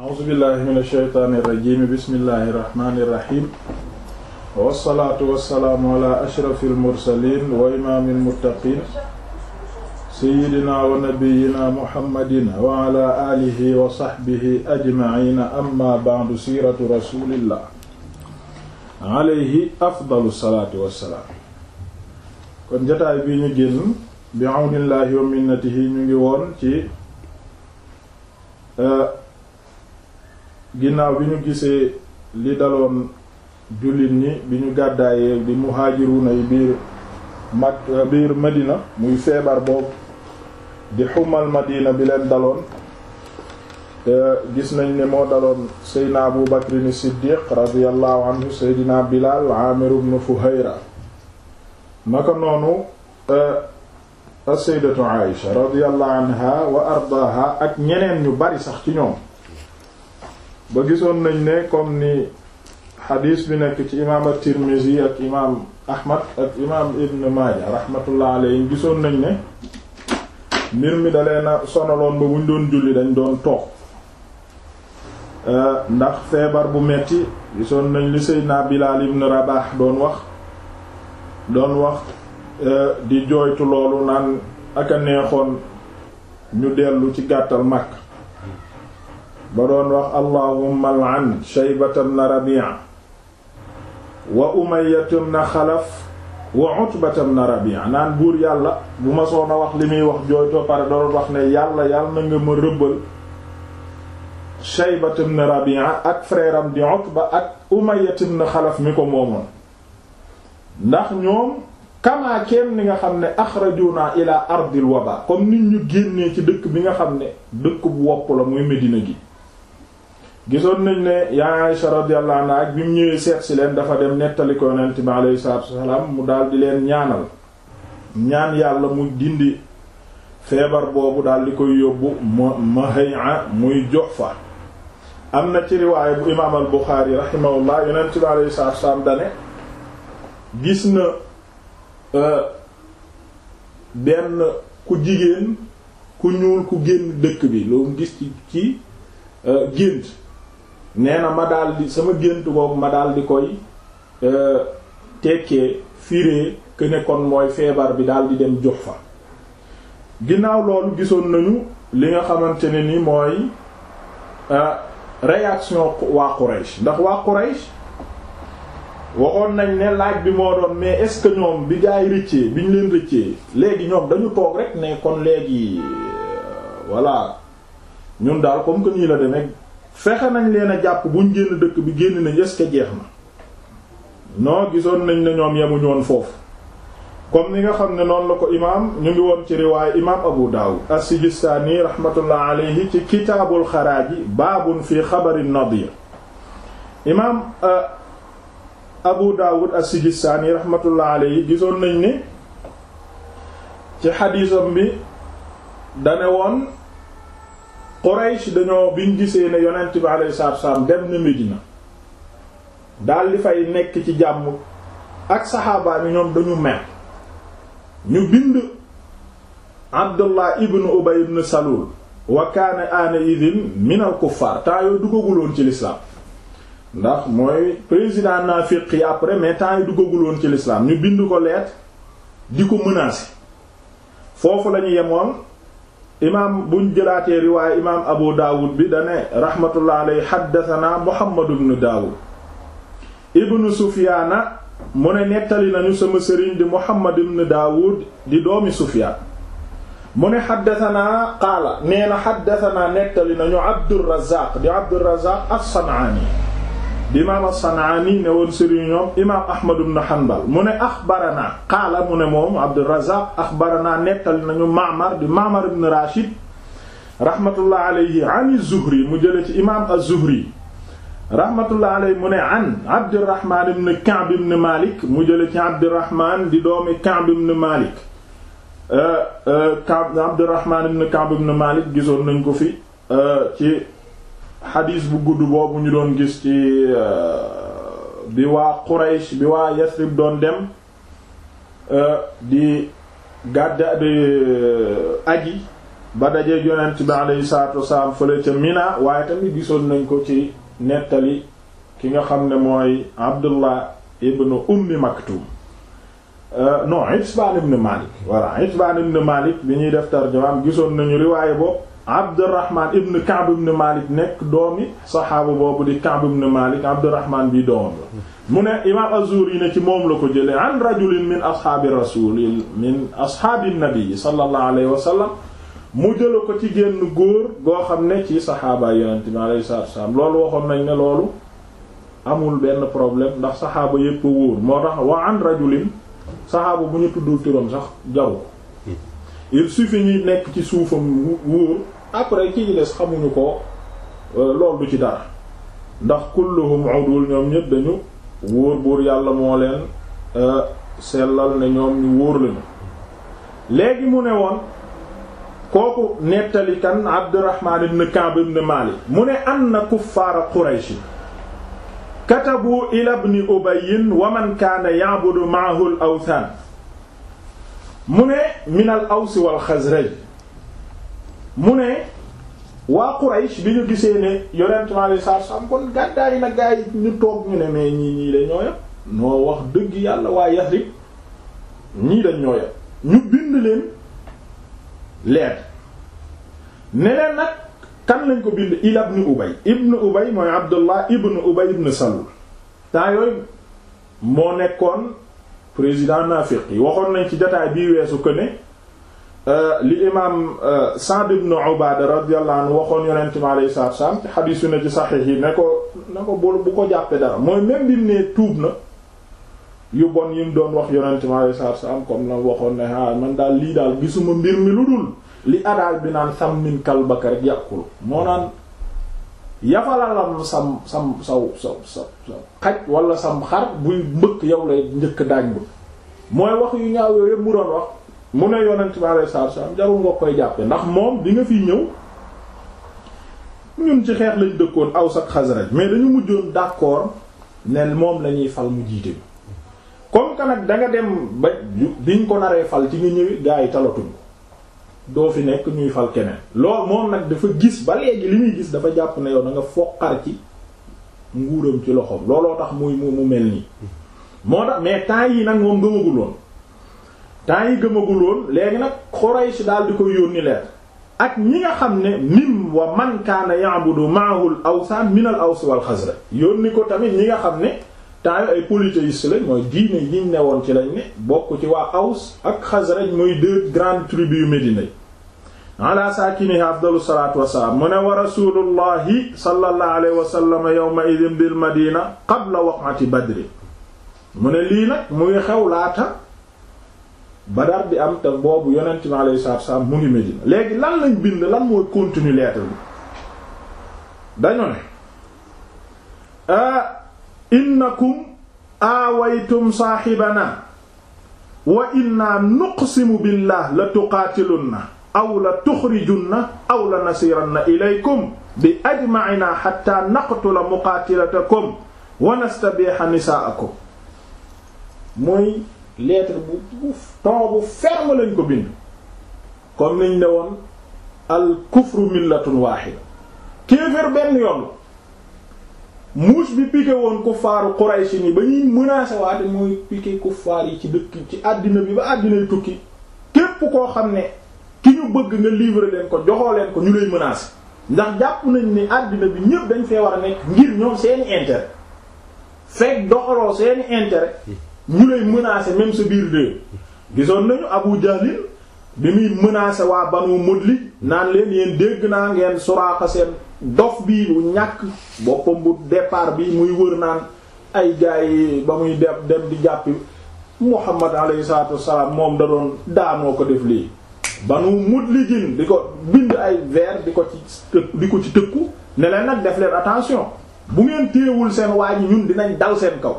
a'uuzu billaahi mina shaytaani rajiim bismillaahi rahmaani rahiim wassalaatu wassalaamu alaa ashrafil mursaliin wa imaamil muttaqiin sayyidinaa wa nabiyyinaa muhammadin wa alaa aalihi wa sahbihi ajma'iina ammaa ba'du siiratu rasuulillaah alayhi afdalu salaatu wassalaam kon jotaay bi ñu génn bi awnillaahi wa minnatihi ñu ngi woon ci uh, ginnaaw bi ñu gisee li daloon jullit ñi bi ñu gàddaayee di muhaajiruuna yi biir mag euh, biir Medina muy feebar boobu di xumal Medina bi leen daloon euh, gis nañ ne moo daloon seydina Abu Bakrin Siddiq radiyallahu anhu seydina Bilal Amir ibn Fuhayra naka noonu euh, as-sayyidatu Aisha radiyallahu anha wa ardaaha ak ñeneen ñu bari sax ci ñoom ba gisoon nañ ne comme ni xadiis bi nekk ci imaam at-Tirmizi ak imaam Ahmad ak imaam Ibn Maaja rahmatullah alayhi gisoon nañ ne mbir mi dalee na sonaloon ba buñ doon julli dañ doon toog euh, ndax feebar bu metti gisoon nañ li Seydina Bilaal ibn Rabaah doon wax doon wax euh, di jooytu loolu naan ak a neexoon ñu dellu ci gàttal Makka ba doon wax allahumma al'an shaybata bna rabi'a wa umayyata bna xalaf wa utbata bna rabi'a naan buur yàlla bu ma soona wax li muy wax joojoo pare doon wax ne yàlla yàlla na nga ma rëbbal shaybata bna rabi'a ak frère am di utba ak umayyata bna xalaf mi ko moomoon ndax ñoom kamaa kenn ni nga xam ne axrajuna ila ardil waba comme nit ñu génnee ci dëkk bi nga xam ne dëkk bu wopp la muy Medina gi gisoon nañ ne yaa Aïsha radiyallahu anha ak bi mu ñëwee seet si leen dafa dem nettali ko yonent bi alayhi salaatu wasalaam mu daal di leen ñaanal ñaan yàlla mu dindi feebar boobu daal koy yóbbu ma mahaya muy jox fa am na ci riwaaya bu imaam al Buxaari rahimahullah yonent bi alayhi salaatu wasalaam dane gis na euh, benn ku jigéen ku ñuul ku génn dëkk bi loolu gis ci ci euh, gént nee na ma daal di sama gént boobu ma daal di koy euh, tekkee firee que kon mooy feebar bi daal di dem jox fa ginnaaw loolu gisoon nañu li nga xamante ne ni mooy euh, réaction waa Quraysh ndax waa Quraysh waxoon nañ ne laaj bi moo doon mais est-ce que ñoom bi gaay rëccee bi ñu leen rëccee léegi ñoom dañu toog rek ne kon léegi euh, voilà ñun daal comme que nii la demee fexe nañ leen a jàpp buñ génn dëkk bi génn na est-ce jeex na non gisoon nañ ne ñoom yemuñ woon foofu comme ni nga xam ne noonu la ko imaam ñu ngi woon ci riwaay imaam Abu Dawud as-Sijistaani rahmatullah alayhi ci kitaabul xaraaji baabun fi xabari nadir imaam euh, Abu Dawud as-Sijistaani rahmatullah alayhi gisoon nañ ni ci xadiisam bi dane woon Quraysh dañoo biñ gisee ne yonent bi alayhi salaatu wasallam dem na Medina di fay nekk ci jàmm ak saxaabaa mi ñoom dañu mel ñu bind Abdullah ibn Ubay ibn Salul wa kaana aana idin min al kuffar temps ci l'islam ndax mooy président naafiq yi après mais temps yi ci l'islam ñu bind ko leet di ko menacer foofu lañu yemoon imaam buñ jëlaatee riwaay imaam abu daawud bi dane rahmatullah alay xaddatanaa muhammadu bnu daawud ibnu sufiyaana mu ne nettali nañu sama sëriñ di muhammad ibnu daawud di doomi sufiyaan mu ne xaddatanaa qaala nee na naa nettali nañu abdurazaq di abdurazaq as-sanaani bi imaam as-San'aani ne woon sëriñ ñoom imaam Ahmad ibn Hanbal mu ne axbarana qaala mu ne moom Abdurrazaaq axbarana nettali nañu Ma'mar di Ma'mar ibn Rashid rahmatullah alayhi mu jële ci imaam az-Zuhri rahmatullah alayhi mu ne an Abdurrahmaan ibn Ka'b ibn Maalik mu jële ci Abdurrahmaan di doomi Ka'b ibn Maalik euh, euh, gisoon nañ ko fii euh, xadiis bu gudd boobu ñu doon gis ci euh, bi waa Quraysh bi waa Yasrib doon dem euh, di gàdda di euh, aji ba dajee yonent bi alayhi salaatu wasalaam fële ca Mina waaye tamit gisoon nañ ko ci nettali ki nga xam ne mooy Abdullah ibnu Ummi Maktum non Itbaan ibn Malik voilà Itbaan ibn Malik bi ñuy def tarjumaam gisoon nañu riwaaye boobu Abdurrahman ibn Ka'b ibn Malik nekk doomi saxaaba boobu di Ka'b ibn Malik Abdurrahman bi doomam la mu ne imaam Az-Zuhri ne ci moom la ko jëlee an rajulin min ashaabi rasulil min ashaabi nabi sallallahu alayhi wa sallam mu jëla ko ci génn góor goo xam ne ci saxaaba yonent bi alayhi salaatu loolu waxoon nañ ne loolu amul benn problème ndax saxaaba yépp wóor moo tax wa an rajulin saxaaba bu ñu tuddul turam sax jaru hmm. il suffit ñuy nekk ci suufam wóor après ki ci xamuñu ko euh, loolu ci dara ndax kulluhum udul ñoom ñëpp dañu wóor buur yàlla moo leen euh, sellal ne ñoom ñu wóor lañu léegi mu ne woon kooku nettali kan Abdurrahman ibn Ka'b ibn Malik mu ne anna kuffaara Quraysh katabu ila ibn Ubay wa man kaana ya'budu mu ne min al-Aws wal Khazraj mu ne waa Quraysh bi ñu gisee ne yonent ma lay saar saam kon gàddaay na gaa ñu toog ñu ne mais ñii ñii dañ ñoo yem noo wax dëgg yàlla waa Yasrib ñii dañ ñoo yem ñu bind leen leer ne leen nag kan lañ ko bind ila ibn Ubay ibn Ubay mooy Abdullah ibn Ubay ibn Salul temps yooyu moo nekkoon président naafiq yi waxoon nañ ci jotaay bii weesu ko ne Euh, li imaam euh, Sa'd ibn Ubaada radiyallahu anhu waxoon yonent mi alayhi salaatu salaam ci xadiis yu ci saxiix yi ne ko ne ko bu bu ko jàppee dara mooy même tuub na yu bon yi doon wax yonent mi alayhi salaatu salaam comme na waxoon ne ah man daal lii daal gisuma mbir mi lu dul li adaal bi naan sammin kalbaka rek yàqulu moo naan yafalalam sam sam saw xaj wala sam xar buy mbëkk yow lay njëkk daañ bu mooy wax yu ñaaw yëpp mu doon wax mu ne yonent bi alayhi salaatu salaam jarul koy jàppe ndax moom di nga fiy ñëw ñun ci xeex lañ dëkkoon Aws ak Xasraj mais dañu mujjoon d'accord ne moom la ñuy fal mu jiite comme que nag danga dem ba diñ ko naree fal ci nga ñëwi gaa yi talatuñ doo fi nekk ñuy fal keneen loolu moom nag dafa gis ba léegi li ñuy gis dafa jàpp ne yoon da nga foqar ci nguuram ci loxoom looloo tax muy mu mel nii moo tax mais temps yi nag moom gëmagul temps yi gëmagul woon léegi nag Quraysh daal di koy yónni leer ak ñi nga xam ni mim wa man kaana ya'budu ma'ahu al-awsan min al-aws wal-khazraj yónni ko tamit ñi nga xam ni temps yi ay polythéistes lañ mooy diine yiñ ne woon ci lañ ne bokk ci waa aws ak xazraj muy deux grandes tribus yu Médina yi ala saakinihi afdalu salaatu wassalaam mu ne wa rasulullahi sallallahu alayhi wa sallam yawma idin bil madina qabla mu xew laata badar bi am te boobu yonent mi alayhi salaatu salaam mu ngi Medina léegi lan lañ bind lan mooy continue lettre bi dañu ne innakum aawaytum saaxibana wa inna nuqsimu billah la tuqaatilunna aw la tuxrijunna aw la nasiiranna ilaykum bi ajma'ina hatta naqtula muqaatilatakum wa nastabiha nisaa'akum mooy lettre bu bu ton bu ferme lañ ko bind comme niñ ne woon al kufru millatun wahida kéefër benn yoon muus bi piqué woon kuffaaru Quraysh ni ba ñuy menacé waate mooy piqué kuffaar yi ci dëkk ci àddina bi ba àddinay tukki képp koo xam ne ki ñu bëgg nga livrer leen ko joxoo leen ko ñu lay menacé ndax jàpp nañ ni àddina bi ñépp dañ fee nekk ngir ñoom seeni intérêt fekk doxaloo seeni intérêt ñu lay menacer même sa biir de gisoon nañu Abu Jahlin bi muy menacer waa Banu Mudlij naan leen yéen dégg naa ngeen Suraaqa seen dof bi bu ñàkk boppam bu départ bi muy wër naan ay gars yi ba muy dem dem di jàppi Muhammad alayhi salaatu wassalaam moom da doon daanoo ko def lii Banu Mudlijin di ko bind ay vers di ko ci di ko ci tëkku ne leen nag def leen attention bu ngeen téewul seen waa ji ñun dinañ dal seen kaw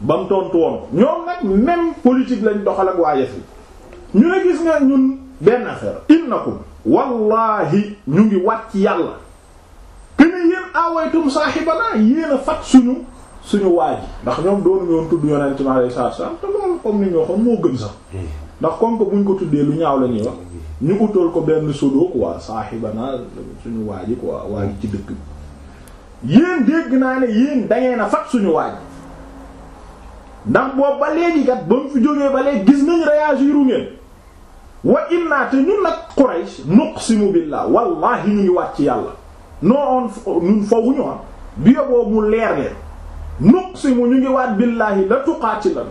ba mu tontu woon ñoom nag même politique lañ doxal ak waa Yasrib ñu ne gis nga ñun benn affaire innakum wallahi ñu ngi wat ci yàlla que ne yéen awaytum saahibana yéen a fat suñu suñu waa ndax ñoom doonu ñoon tudd yonent mi alayhi salaatu moo gën sax ndax comme que buñ ko tuddee lu ñaaw la ñuy wax ñu utal ko benn sudo quoi saahibana suñu waa ji quoi waa ji ci dëkk bi yéen dégg naa ne yéen dangeen fat suñu waa ndax boobu ba léegi kat ba mu fi jógee ba léegi gis nañ réagir ngeen wa inna te ñun nag Quraysh nuqsimu billah wallahi ñu ngi waat ci yàlla non on ñun foofu ñu am ah. bi yoboo mu leer leen nuqsimu ñu ngi waat billaahi la tuqaati la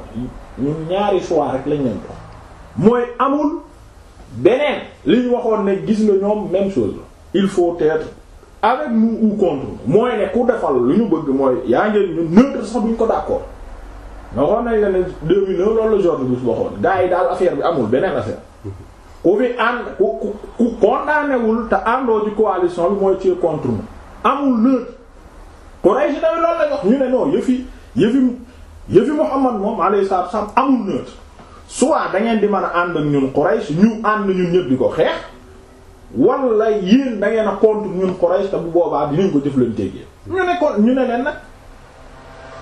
ñun ñaari choix rek lañ leen dox mooy amul beneen liñ waxoon ne gis nga ñoom même chose la il faut être avec nous ou contre mooy ne ku defal lu ñu bëgg mooy yaa ngeen ñu neutre sax duñ ko d'accord waxoon nañ la ne 2009 loolu la George Bush waxoon gars yi daal affaire bi amul beneen affaire ku fi ànd ku ku ku condamné wul te àndoo ci coalition bi mooy ci contre nous amul nëb. Quraysh tamit ñu ne non yëfi yëfi yëfi moom alayhi salaatu salaam amul nëb soit da ngeen di mën a ànd ak ñun Quraysh ñu ànd ñun ñëpp di ko xeex wala la da dangeen a contre ñun Quraysh te bu boobaa dinañ ko jëflanteeg yéen. ñu ne kon ñu ne leen nag.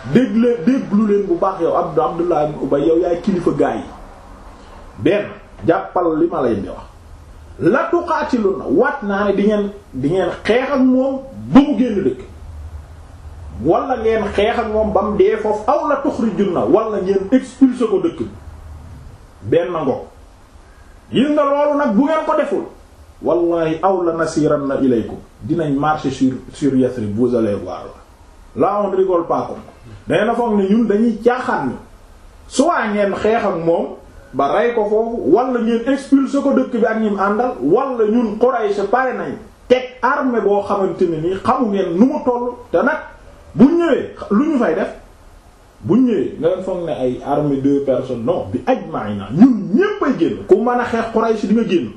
dégle déglu leen bu baax yow Abdou Abdullah ibn Ubay yow yaay kilifa gaa yi benn jàppal li ma leen di wax la tuqaatilu na waat naa ne di ngeen di ngeen xeex ak moom ba mu génn dëkk wala ngeen xeex ak moom ba mu dee foofu aw la tuxrijun na wala ngeen expulser ko dëkk benn ngo gis nga loolu nag bu ngeen ko deful wallahi aw la nasiran na ko dinañ marcher sur sur Yathrib vous allez voir la on rigole pas day na foog ne ñun dañuy caaxaan ni soit ngeen xeex ak moom ba rey ko foofu wala ngeen expulser ko dëkk bi ak ñim àndal wala ñun Quraysh pare nañ teg armée boo xamante ne nii xamu ngeen nu mu toll te nag bu ñëwee lu ñu fay def buñ ñëwee nga leen foog ne ay armée deux personnes non bi ajma'ina ñun ñépp ay génn ku mën a xeex Quraysh di nga génn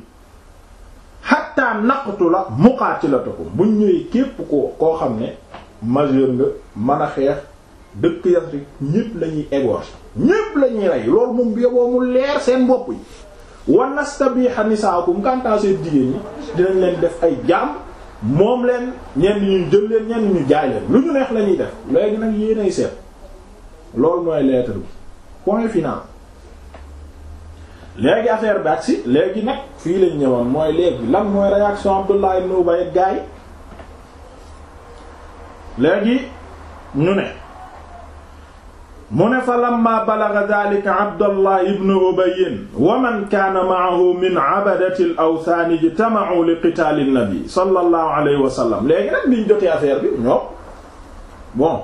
hatta naqtula muqatilatakum bu ñëwee képp ko koo xam ne majeur nga mën a xeex dëkk Yasrib ñépp la ñuy égorger ñépp la ñuy rey loolu moom yoboo mu leer seen bopp yi wa nastabiha nisaakum kantaa seen jigéen ñi dinañ leen def ay jaam moom leen ñenn ñu jël leen ñenn ñu jaay leen lu ñu neex la ñuy def léegi nag yéenay seet loolu mooy lettre bi point final léegi affaire bi agsi léegi nag fii lañ ñëwoon mooy léegi lan mooy réaction Abdullah ibn Ubay gaay léegi ñu ne mu ne fa lamma balaga dalika abdallah ibnu ubayin wa man kaana maahu min abadati l awthaani ijtama'u li qitaali nabi sallallahu alayhi wa sallam léegi nag liñ jotee affaire bi ñoom bon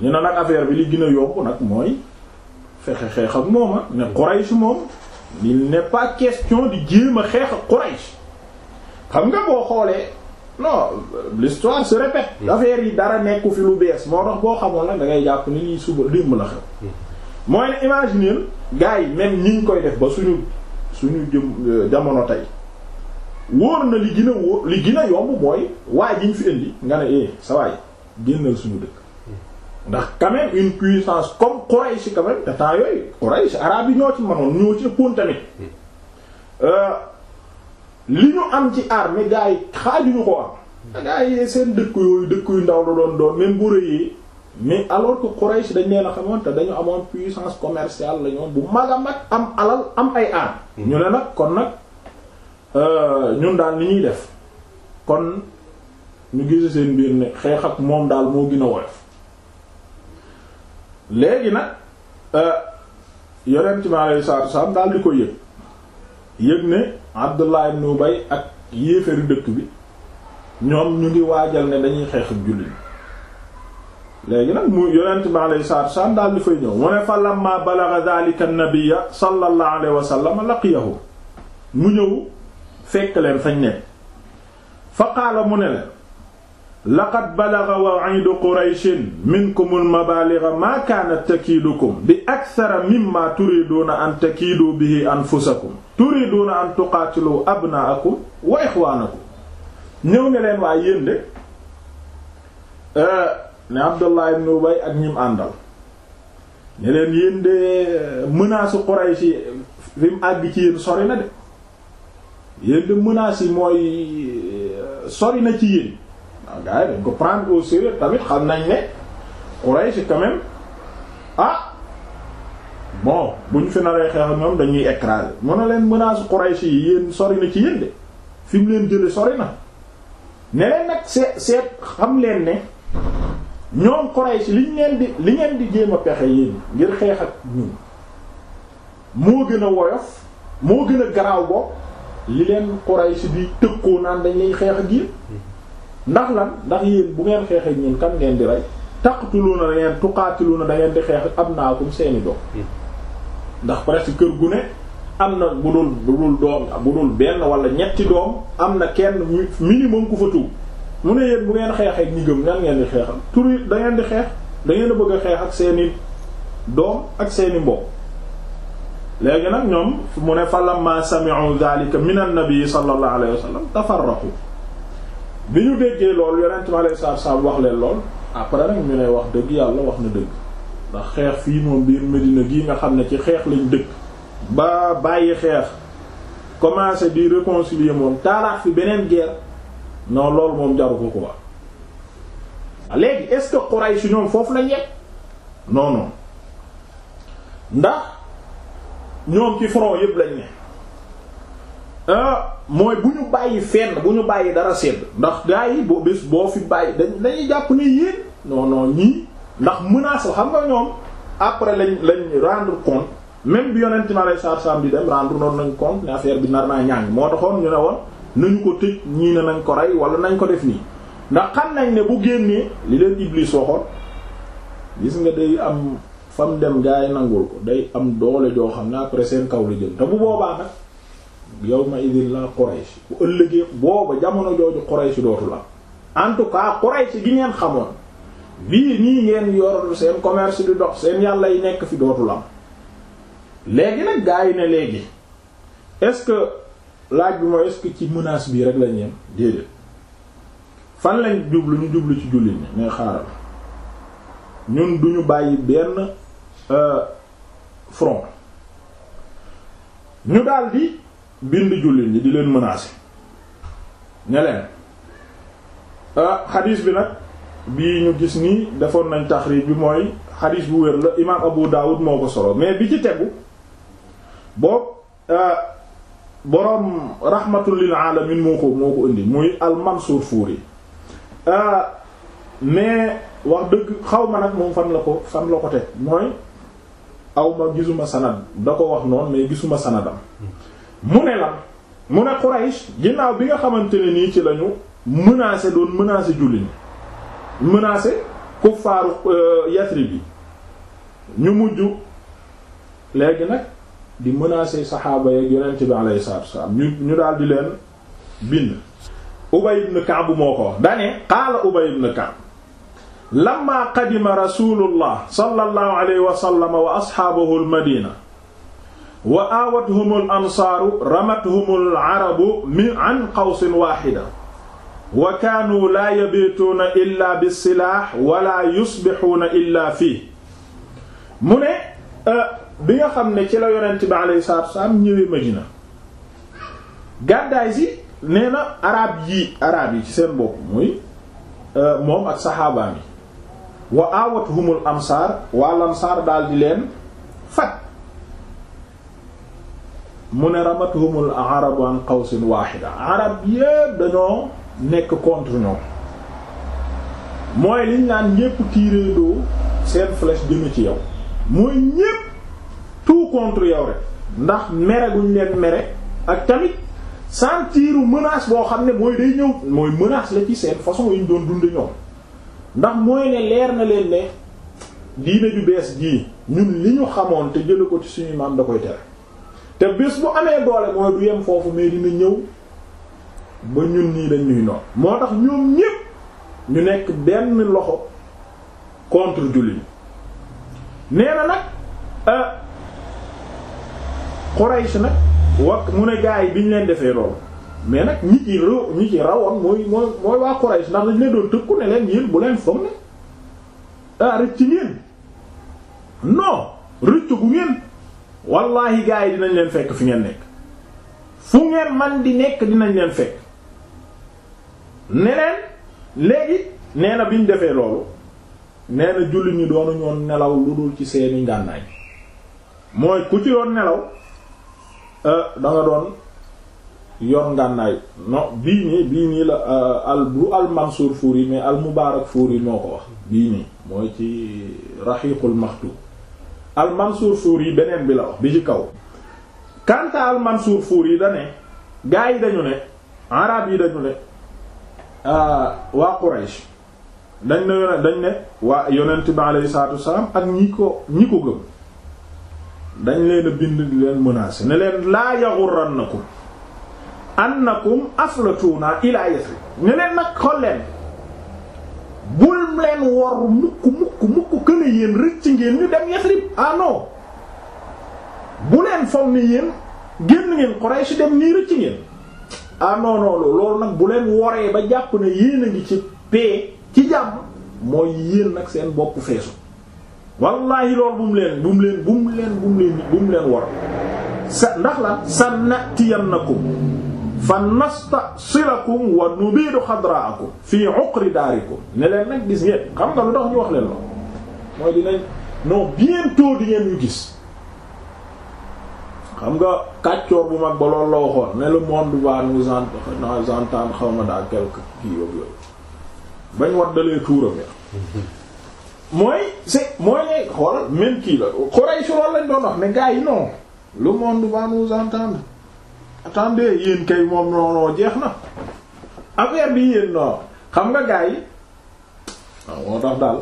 ñu ne nag affaire bi li gën a yomb nag mooy fexe xeex ak moom a ah, ne Quraysh moom il n'est pas question di jéem a xeex ak Quraysh xam nga boo xoolee non l'histoire se répète mm. affaire yi dara nekku fi lu bees moo tax boo xamoon nag da ngay jàpp ni lii suba démb la xew mm. mooy ne imaginer gars yi même ñi koy def ba suñu suñu jëm euh, jamono tey wóor na li gën wóor li gën a yomb mooy waa ji ñu fi indi nga ne eh sa waay génnal suñu dëkk mm. ndax quand même une puissance comme Quraysh quand même te temps yooyu Quraysh arabe yi ñoo ci manoon ñoo ci ëppoon tamit euh, li ñu am ci armée gars yi yu ko am gars yi seen dëkk yooyu dëkk yu ndaw la doon doon même bu rëyee mais alors que Quraysh dañ leen a xamoon te dañu amoon puissance commerciale la ñoom bu mag a mag am alal am ay armes hmm. ñu ne nag kon nag euh, ñun daal ni ñuy def kon ñu gis seen biir ne xeex ak moom daal moo gin a woyof léegi nag euh, yonent mi alayhi salaatu wa salaam daal di ko yëg yëg ne Abdullah ibn Ubay ak yéeféru dëkk bi ñoom ñu ngi waajal ne dañuy xeex ak jullit léegi nag mu yonent bi alayhi salaatu wasalaam daal fay ñëw mu ne fa lamma balagha dhalika an-nabiyya sallallahu alayhi wa sallam mu ñëw fekk leen fañ ne fa qaala mu ne leen laqad balagha wa'idu qurayshin minkumul mabaligha ma kaanat takiidukum bi akthara mimma turiduuna an takiidu bihi anfusakum turiduuna an tuqaatilu abnaakum wa ixwaanakum ñëw ne waa yéen de euh, ne Abdullah ibn Ubay ak ñim àndal ne yéen de menace Quraysh yi fi mu àgg ci yéen sori na de yéen de menace mooy euh, sori na ci yéen gars yi dañ ko prendre au sérieux tamit xam nañ ne Quraysh quand même ah bon bu ñu fi naree xeex ak ñoom dañuy écraser mën na leen menace Quraysh yi yéen sori na ci yéen de fi mu leen jële sori na ne leen nag seet seet xam leen ne ñoom Quraysh liñ leen di li ngeen di jéem a pexe yéen ngir xeex ak ñun moo gën a woyof moo gën a garaaw bopp li leen Quraysh di tëkkoo naan dañ lay xeex ak yéen ndax lan ndax yéen bu ngeen xeexee ñun kan ngeen di rey taqtuluuna da ngeen tuqaatiluuna da ngeen di xeex abnaakum seeni doom ndax presque kër gu ne am na bu dul bu dul doom bu dul benn wala ñetti doom am na kenn minimum ku fa tuub mu ne yéen bu ngeen xeexee ñi gëm nan ngeen di xeexal turi da ngeen di xeex da ngeen a bëgg a xeex ak seeni doom ak seeni mbokk léegi nag ñoom mu ne fa lamma sami'u dhalika min an-nabi sallallahu alayhi wa bi ñu déggee lool yonent mi alayhi salaatu salaam wax leen lool après nag ñu lay wax dëgg yàlla wax na dëgg ndax xeex fii moom biir Medina gii nga xam ne ci xeex lañ dëgg ba bàyyi xeex commencé bi réconcilier moom taaraax fi beneen guerre non lool moom jaru ko ko wax ah, léegi est-ce que Quraysh ñoom foofu lañ yegg non non ndax ñoom ci front yépp lañ ne Ah, mooy bu ñu bàyyi fenn bu ñu bàyyi dara sedd ndax gars yi boo bés boo fi bàyyi dañ dañuy jàpp ne yéen non non ñii ndax menace xam nga ñoom après lañ lañ rendre compte même bi yonent mi alayhi salaatu salaam di dem rendre noonu nañ compte ne affaire bi nar naa ñàng moo taxoon ñu ne woon nañu ko tëj ñii ne nañ ko rey wala nañ ko def nii ndax xam nañ ne bu génnee li leen Iblis waxoon gis nga day am fam dem gars yi nangul ko day am doole joo xam ne après seen kaw la jëm te bu boobaa yawma idin la Quraysh bu ëllëgee booba jamono jooju Quraysh dootu la en tout cas Quraysh gi ngeen xamoon lii nii ngeen yor seen commerce di dox seen yàlla yi nekk fi dootu la léegi nag gaa yi ne léegi est-ce que laaj bi mooy est-ce que ci menace bii rek la ñeen déedéet fan lañ jublu ñu jublu ci jullit ñi mais xaaral ñun duñu bàyyi benn euh, front ñu daldi bind jullit yi di leen menacer ne leen ah, xadiis bi nag bii ñu gis nii defoon nañ taxriij bi mooy xadiis bu wér la imaam Abu Dawud moo ko solo mais bi ci tegu boobu ah, boroom rahmatul lil alamin moo ko moo ko indi muy al Mansuur Fuuri ah, mais wax dëgg xaw ma nag moom fan la ko fan la ko teg mooy aw ma gisuma sanad da ko wax noonu mais gisuma sanadam mu ne la mu ne Quraysh ginnaaw bi nga xamante ne nii ci lañu menacé doon menacé julli ñi menacé kuffaaru euh, Yathrib bi ñu mujj léegi nag di menacé saxaaba yeeg yonent bi alayhi salaatu wassalaam ñu ñu daal di leen bind Ubay ibn Ka'b moo ko wax dane qaala Ubay ibn Ka'b qadima rasulullah sallallahu alayhi wa sallam wa ashabuhu al-madina wa aawathum al ansaaru ramathum al arabu min an qawsin waaxida wa kaanu laa yabiituuna illaa bi silaax wala yusbixuuna illaa fii mu ne euh, bi nga xam ne ci la yonent bi alayhi salaatu wasalaam ñëwee Madina gàddaay si nee na araab yi araab yi ci seen bopp muy euh, moom ak saxaabaam yi wa aawathum al ansaar waa al ansaar daal di leen fat mu ne ramathumul arabu an qawsin wahida arab yépp dañoo nekk contre ñoom mooy liñ naan ñépp tiré doo seen flèche jëme ci yow mooy ñépp tout contre yow rek ndax mere guñ leen mere ak tamit sentiru menace boo xam ne mooy day ñëw mooy menace la ci seen façon yi ñu doon dund ñoom ndax mooy ne leer na leen ne diine ju bees jii ñun li ñu xamoon te jële ko ci suñu maam da koy tere te bés bu amee doole mooy du yem foofu mais dina ñëw ba ñun nii dañ ñuy noonu moo tax ñoom ñépp ñu nekk benn loxo contre jullit nee na nag euh, Quraysh nag wax mu ne gaa yi bi ñu leen defee loolu mais nag ñi ci raw ñi ci rawoon mooy mooy mooy waa Quraysh ndax dañ leen doon tëkku ne leen yéen bu leen fomm ne ah rëcc ngeen non rëcc gu ngeen. wallaahi gaa yi dinañ leen fekk fi ngeen nekk fu ngeen man di nekk dinañ leen fekk ne leen léegi nee bi ñu defee loolu nee na jullit doonu ñoon nelaw lu dul ci seeni ngànnaay mooy ku ci doon nelaw euh, da nga doon yor ngànnaay non bii nii bii nii la euh, al bu al Mansuur Fuuri mais al Mubaarak Fuuri moo ko wax bii nii mooy ci Rahiqul Maxtuum al Mansour yi beneen bi la bi ci kaw quant à al Mansour Fouri gaa yi dañu ne arab yi dañu ne ah, waa Quraysh dañ ne dañ ne waa yonent bi alayhi salaatu wassalaam ak ñi ko ñi ko gëm dañ leen bind di leen menacer ne leen laa yaghurrannakum annakum aflatuuna ilaa Yathrib ne leen nag xol bul leen wor mukk mukk mukk këne yéen rëcc ngeen ñu dem Yasrib ah bu leen foog ne yéen génn ngeen Quraysh dem nii rëcc ngeen ah non loolu nag bu leen woree ba jàpp ne yéen a ngi ci paix ci jàmm mooy yéen nag seen bopp feesu wallaahi loolu bu mu leen bu mu leen bu mu leen bu mu leen bu mu leen wor sa ndax la sa nattiyannakum fa nastasilakum wa nubiidu xadraakum fii uqri daarikum ne leen nag gis ngeen xam nga lu tax ñu wax leen lool mooy dinañ non bientôt di ngeen ñu gis xam nga kàccoor bu mag ba loolu la waxoon ne le monde va nous entendre xaw ma daal quelque kii yooyu yooyu bañ war dalee tuuram ya mooy c'est mooy ne xoolal même kii la Quraysh loolu lañ doon wax ne gars yi no le monde va nous entendre attendez yéen kay moom noonu jeex na affaire bi yéen non xam nga gars yi waaw moo tax daal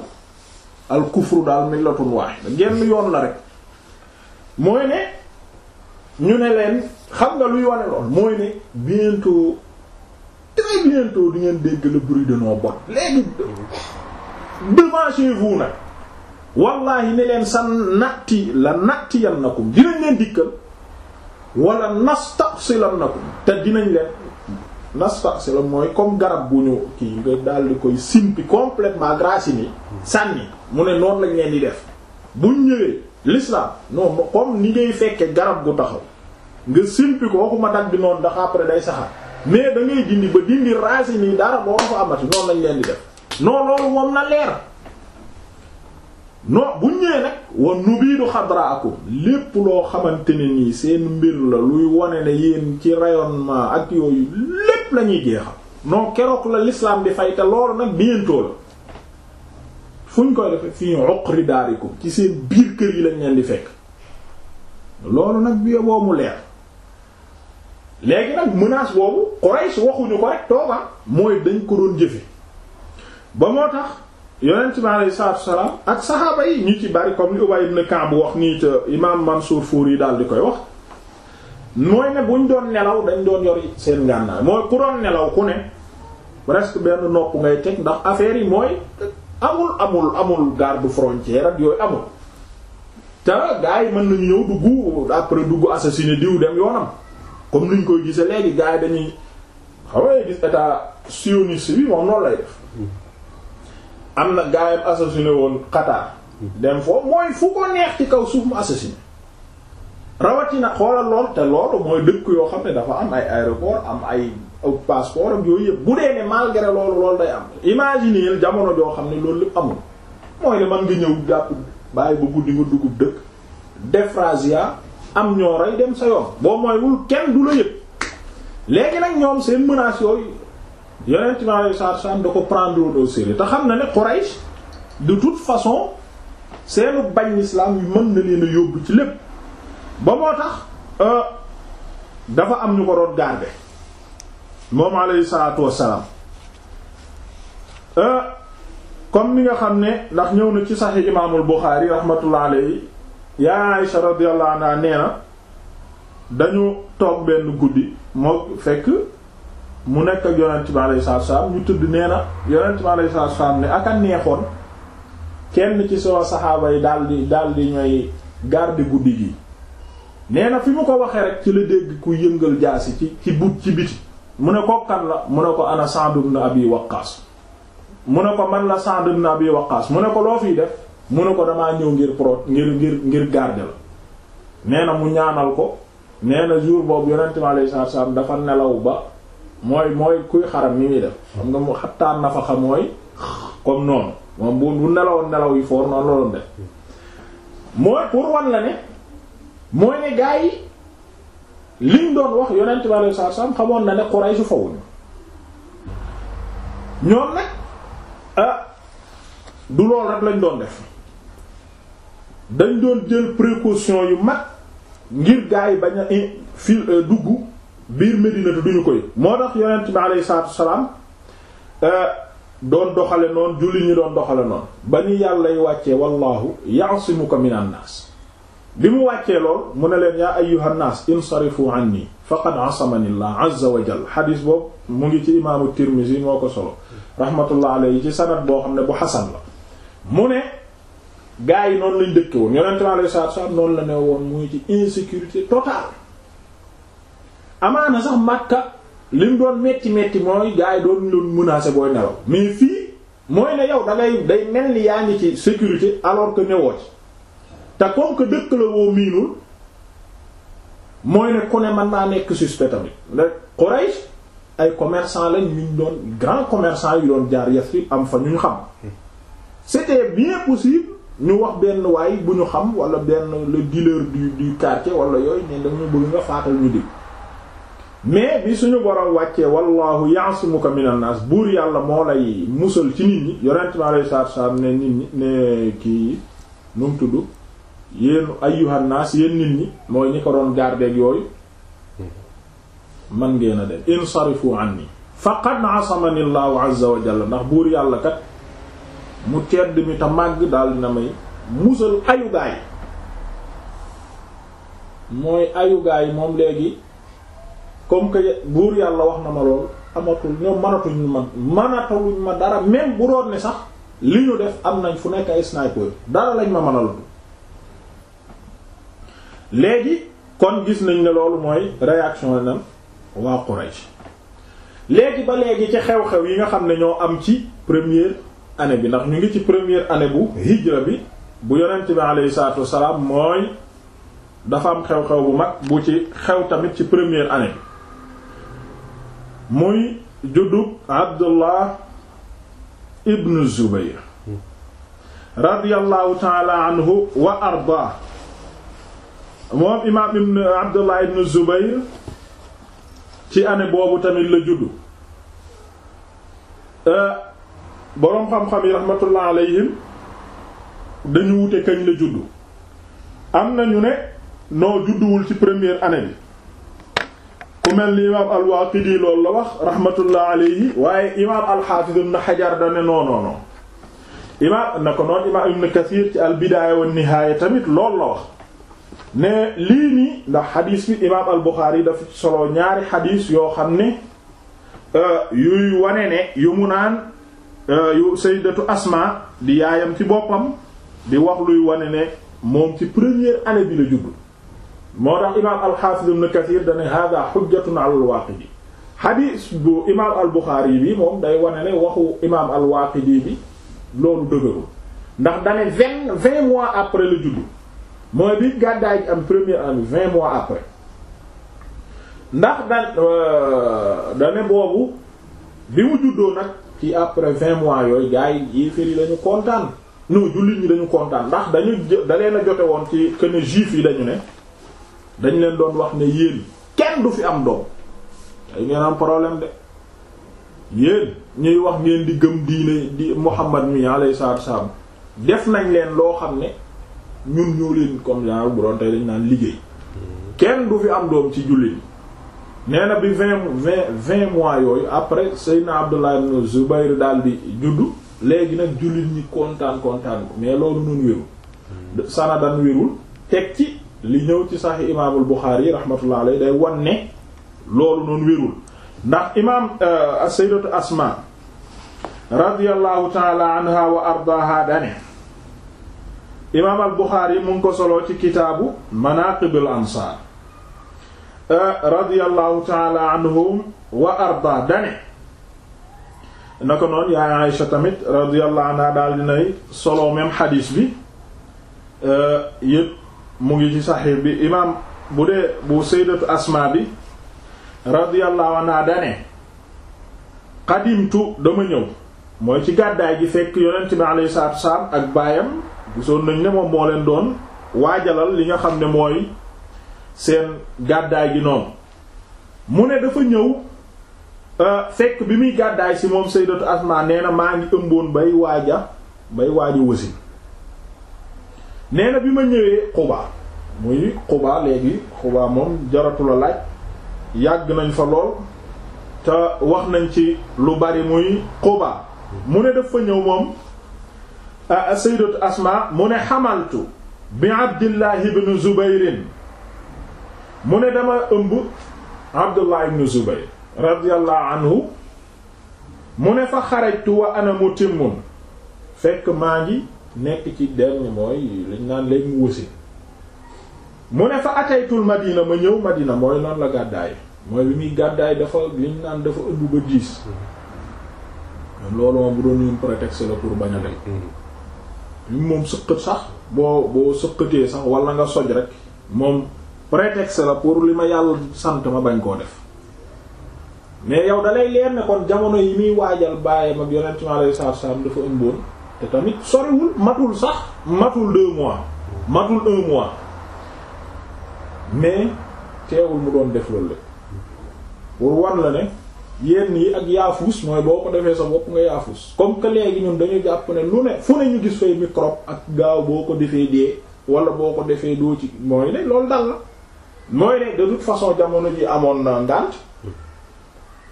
al kufru daal millatun wahida genn yoon la rek mooy ne ñu ne leen xam nga luy wane lool mooy ne bientôt di ngeen dégg le bruit de nos léegi devant chez vous nag wallahi ne leen sa natti la nattiyannakum dinañ leen dikkal wala nastasilannakum te dinañ leen nastasilan mooy comme garab bu ñu kii nga daal di koy simpi complètement racines yi sànni mu ne noonu lañ leen di def buñ ñëwee l'islam non comme ni ngay fekke garab gu taxaw nga simpi ko waxuma dagg bi noon ndax après day saxar mais da ngay dindi ba dindi racines yi dara boo fa amati noonu lañ leen di def non loolu moom na leer non bu ñëwee nag wa nubiidu xadraakum lépp loo xamante ne nii seen mbir la luy wane ne yéen ci rayonnement ak yooyu lépp lañuy ñuy jeexal non keroog la l'islam di fay te loolu nag bientôt la fu ñu koy biir kër yi lañ leen di fekk loolu nag bi boo mu leer léegi nag menace boobu Quraysh waxuñu ko rek tooba mooy dañ ko doon jëfe ba moo tax yonent bi alayhi salaatu wasalaam ak saxaaba yi ñu ci bari comme li Ubay ibn Ka'b wax nii te imaam Mansuur Fuuri yi daal di koy wax mooy ne buñ doon nelaw dañ doon yor seen ngànnaay mooy ku doon nelaw ku ne presque benn nopp ngay teg ndax affaire yi mooy amul amul amul garde frontière ak yooyu amul te gars yi mën nañu ñëw dugg dugg assassiné diw dem yoonam comme niñ koy gisee léegi gars yi dañuy xawee gis état sioniste bi moom noonu lay def am na gaayam assassiné woon Qatar dem foofu mooy fu ko neex ci kaw suuf mu assassiné rawatina xoolal lool te loolu mooy dëkk yoo xam ne dafa am ay aéroport am ay passeport ak yooyu yëpp bu dee ne malgré loolu loolu day am yi jamono joo xam ne loolu lu amul mooy ne man nga ñëw jàpp bàyyi ba guddi nga dugub dëkk defrasia am ñoo rey dem sa yoon boo mooy kenn du la yëpp léegi nag ñoom seen menaces yooyu yonent bi alayhi salaatu wasallam da ko prendre au te xam na ne Quraysh de toute façon seenu bañ l'islam yu mën na leen yóbbu ci lépp ba moo tax euh, dafa am ñu ko doon garder moom alayhi salaatu wassalaam euh, comme ni nga xam ne ndax ñëw na ci Sahih imaamul Bukhari rahmatullah alayhi yaa Aisha radiyallahu anha nee na dañu toog benn guddi moo fekk mu nekk ak yonent bi alayhi salaatu salaam ñu tudd nee na yonent bi alayhi salaatu salaam ne ak a neexoon kenn ci soo saxaaba yi daal di daal di ñooy garder guddi gi nee na fi mu ko waxee rek ci la dégg ku yëngal jaasi ci ci but ci biti mu ne ko kan la mu ne ko ana Sa'd ibn Abi Waqqaas mu ne ko man la Sa'd ibn Abi Waqqaas mu ne ko loo fiy def mu ne ko damaa ñëw ngir pro ngir ngir ngir garder la nee na mu ñaanal ko nee na jour boobu yonent bi alayhi salaatu salaam dafa nelaw ba mooy mooy kuy xaram ni muy def xam nga mu xattaa nafaxa mooy comme noonu moom bu bu nelaw yi foor noonu la doon def mooy pour wan ne mooy ne gaa yi liñ doon wax yonent bi alayhi salaatu salaam xamoon na ne Quraysh su fawuñu ñoom nag ah, du lool rek lañ doon def dañ doon jël précaution yu mag ngir gaa yi bañ a eh, fi eh, dugg biir Medina du ñu koy moo tax yonent bi alayhi salaatu wasalaam euh, doon doxale noonu julli ñi doon doxale noon ba ñu yàlla y wàccee wallahu ya'simuka minan naas bi mu wàccee lool mu ne leen yaa ayyuhan naas insarifu anni faqad asamani allah azza wa jalla xadiis boobu mu ngi ci imaamu Tirmizi moo ko solo rahmatullah alayhi ci sanad boo xam ne bu xasan la mu ne gaa yi noonu lañ dëkke woon yonent bi alayhi salaatu wasalaam noonu la ne woon mu ngi ci insécurité totale amaana sax Makka li mu doon metti metti mooy gars yi doon doon menacer booy nelaw mais fii mooy ne yow da day mel ni yaa ngi ci sécurité alors que newoo ci te comme dëkk la woo miinul mooy ne ku ne mën naa nekk suspect tamit rek Quraysh ay commerçant lañ ñu doon grand commerçant yu doon jaar Yathrib am fa ñu xam c'était bien possible ñu wax benn waay bu ñu xam wala benn la dealer du du quartier wala yooyu ne dañu bëgg nga faatal ñu dig mais bi suñu borom wàccee wallahu ya'simuka minan nas buur yàlla moo lay musal ci nit ñi yonent bi alayhi salaatu salaam ne nit ñi ne kii nu mu tudd yéen ayyuhan nas nit ñi mooy ñi ko doon garder ak yooyu man ngeen a dem insarifu anni faqad asamani llahu azza wa ndax buur yàlla kat mu tedd mi te màgg daal dina may musal ayu mooy ayu moom léegi comme que buur yàlla wax na ma lool amatul ñoom mënatuñ ma mënataluñ ma dara même bu doon ne sax li ñu def am nañ fu nekk ay sniper dara lañ ma mën a léegi kon gis nañ ne loolu mooy réaction la waa Quraysh léegi ba léegi ci xew-xew yi nga xam ne ñoo am ci premiere année bi ndax ñu ngi ci première année bu hijra bi bu yonent bi alayhi salaatu wasalaam mooy dafa am xew-xew bu mag bu ci xew tamit ci première année bi muy juddub abdullah ibn zubayr radiyallahu taala anhu wa arda moom imaam ibn abdullah ibn zubayr ci année boobu tamit la juddu euh, boroom xam-xam yi rahmatullah alayhim dañu wute kañ la juddu am na ñu ne noo judduwul ci première année bi ku mel ni imaam al loolu la wax rahmatullah alayhi waaye imaam al-Haafiz ibn Hajar da ne non non non imaam na ko noonu imaam ibn Kasiir ci al wa Nihaaya tamit loolu la wax ne lii nii ndax xadiis bi imaam al-Buxaari dafa solo ñaari xadiis yoo xam ne euh, yuy wane ne yu mu naan euh, yu sayyidatu Asmaa di yaayam ci boppam di wax luy wane ne moom ci première année bi la juddu moo tax imaam al-Hafiz ibn Kathir dane hada hujjatun ala al-Waqidi xadiis bu imaam al-Bukhari bi moom day wane ne waxu imaam al-Waqidi bi loolu dëgërul ndax dane vingt vingt mois après la juddu mooy bi gàddaay am premier année vingt mois après ndax da euh, dane boobu bi mu juddoo nag ci après vingt mois yooyu gars yi yéefér yi dañu kontaan non jullit ñi dañu kontaan ndax dañu da leen a jote woon ci que ne juif yi dañu ne dañ leen doon wax ne yéen kenn du fi am doom tey ngeen am problème de yéen ñuy wax ngeen di gëm diine di Muhammad mi alayhi salaatu wasallam def nañ leen loo xam ne ñun ñoo leen comme genre bu doon tey dañ naan liggéey kenn du fi am doom ci jullit nee bi vingt vingt vingt mois yooyu après Seydina Abdullah ibn Zubayr daal di juddu léegi nag jullit ñi kontaan kontaan ko mais loolu noonu wérul sanadan wérul teg ci li ñëw ci saxi imaamul Buxaari rahmatullah alayhi day wan loolu noonu wérul ndax imaam euh, sayyidatu Asma radiyallahu taala anha wa ardaaha dane imaam al Buxaari ko solo ci kitaabu manaqibul ansaar euh, radiyallahu taala anhum wa arda dane na ko noonu yaay Aïsha tamit radiyallahu anha daal dinay soloo même xadiis bi euh, yépp mu ngi ci saxiix bi imaam bu dee bu sayyidatu asmaa bi radiyallahu anha dane qadimtu dama ñëw mooy ci gàddaay gi fekk yonent bi alayhi salaatu wasalaam ak baayam gisoon nañ ne moom moo leen doon waajalal li nga xam ne mooy seen gàddaay gi noonu mu ne dafa ñëw euh, fekk bi muy gàddaay si moom sayyidatu asmaa nee na maa ngi ëmboon bay waaja bay waaja wasin nee bi ma ñëwee Quba muy Quba léegi Quba moom jaratu la laaj yàgg nañ fa lool te wax nañ ci lu bari muy Quba mu ne daf fa ñëw moom sayyidatu Asma mu ne xamaltu bi Abdullah ibn Zubayr mu ne dama ëmb Abdullah ibn Zubayr radiyallahu anhu mu ne fa xarajtu wa ana mutimmun fekk maa ngi nekk ci dernier mooy liñ naan lay mu wësi mu ne fa ataytul madina ma ñëw madina mooy naan la gàddaay mooy bi muy gàddaay dafa liñ naan dafa ëmb ba diis loolu moom bu doon yum prétexte la pour bañ a mm-hmm. moom sëqat sax boo boo sëqatee sax wala nga soj rek moom prétexte la pour li ma yàlla sant ma bañ koo def mais yow dalay leer ne kon jamono yi muy waajal bàyyam ak yonent mi alayhi salaatu salaam dafa ëmboon te tamit soriwul matul sax matul deux mois matul un mois mais teewul mu doon def loolu la pour wan la ne yenn yi ak yaafus mooy boo ko defee sa bopp nga yaafus comme que léegi ñun dañu jàpp ne lu ne fu ne ñu gis fay microbe ak gaaw boo ko defee dee wala boo ko defee doo ci mooy ne loolu dal la mooy ne de toute façon jamono ji amoon na ngànt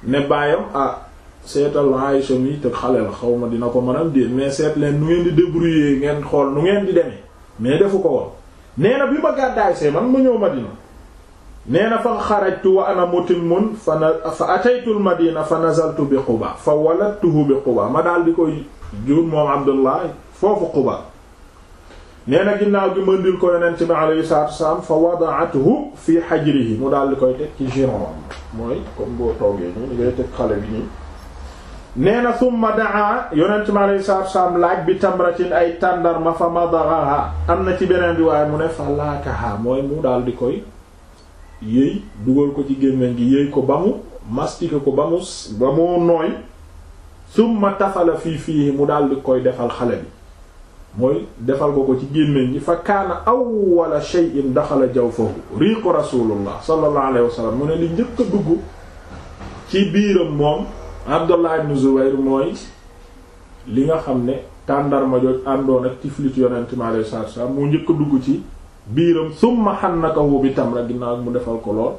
ne bàyyam ah seetal Aïcha mi te xale la xaw ma dina ko mën a mais seet nu ngeen di débrouiller ngeen xool nu ngeen di demee mais defu ko woon nee bi ma gàddaay see man ma ñëw ma nee na fa xarajtu wa ana mutimmun fa na fa ataytu al Madina fa nazaltu bi Quba fa waladtuhu bi Quba ma daal di koy jur moom Abdullah foofu Quba nee na ginnaaw gi mëndil ko yonent bi alayhi salaatu wasalaam fa wada'athu fi hajrihi mu daal di koy teg ci giron mooy comme boo toogee bi neena na summa daa yonent mi alayhi salaatu laaj bi tamratin ay tàndarma fa madaraha am na ci beneen bi waaye mu ne fa laakaha mooy mu daal di koy yëy dugal ko ci gémmiñ gi yëy ko ba mu mastiqué ko ba mu ba mu nooy summa tafala fii fii mu daal di koy defal xale bi mooy defal ko ko ci gémmiñ gi fa kaana awwala shay'in daxala jaw riiqu rasulullah sallallahu alayhi wa sallam mu ne li njëkk a dugg ci biiram moom Abdullah ibn Zubayr mooy li nga xam ne tàndarma jooj àndoon ak tiflit yonent mi alayhi salaatu mu njëkk dugg ci biiram summa xannakahu bi tamra ginnaaw mu defal ko lool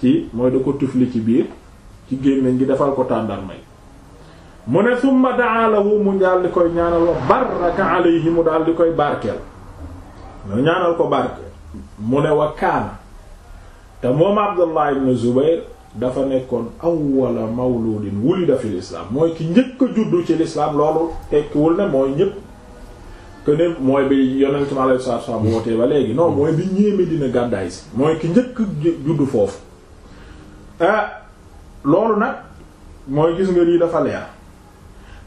ci mooy da ko tifli ci biir ci gémmiñ gi defal ko tàndarma yi mu ne summa daalahu mu daal di koy ñaanal wa baraka alayhi mu daal di koy barkeel ñaanal ko barkeel mu ne wa kaana te moom Abdullah ibn Zubayr dafa nekkoon awwala mawludin wulida fil islam mooy ki njëkk a juddu ci l'islam loolu tekkiwul ne mooy ñëpp que ne mooy bi yonent mi alayhi salaatu salaam wootee ba léegi non mooy bi ñëwee Medina gàddaay si mooy ki njëkk juddu foofu ah, loolu nag mooy gis nga lii dafa leer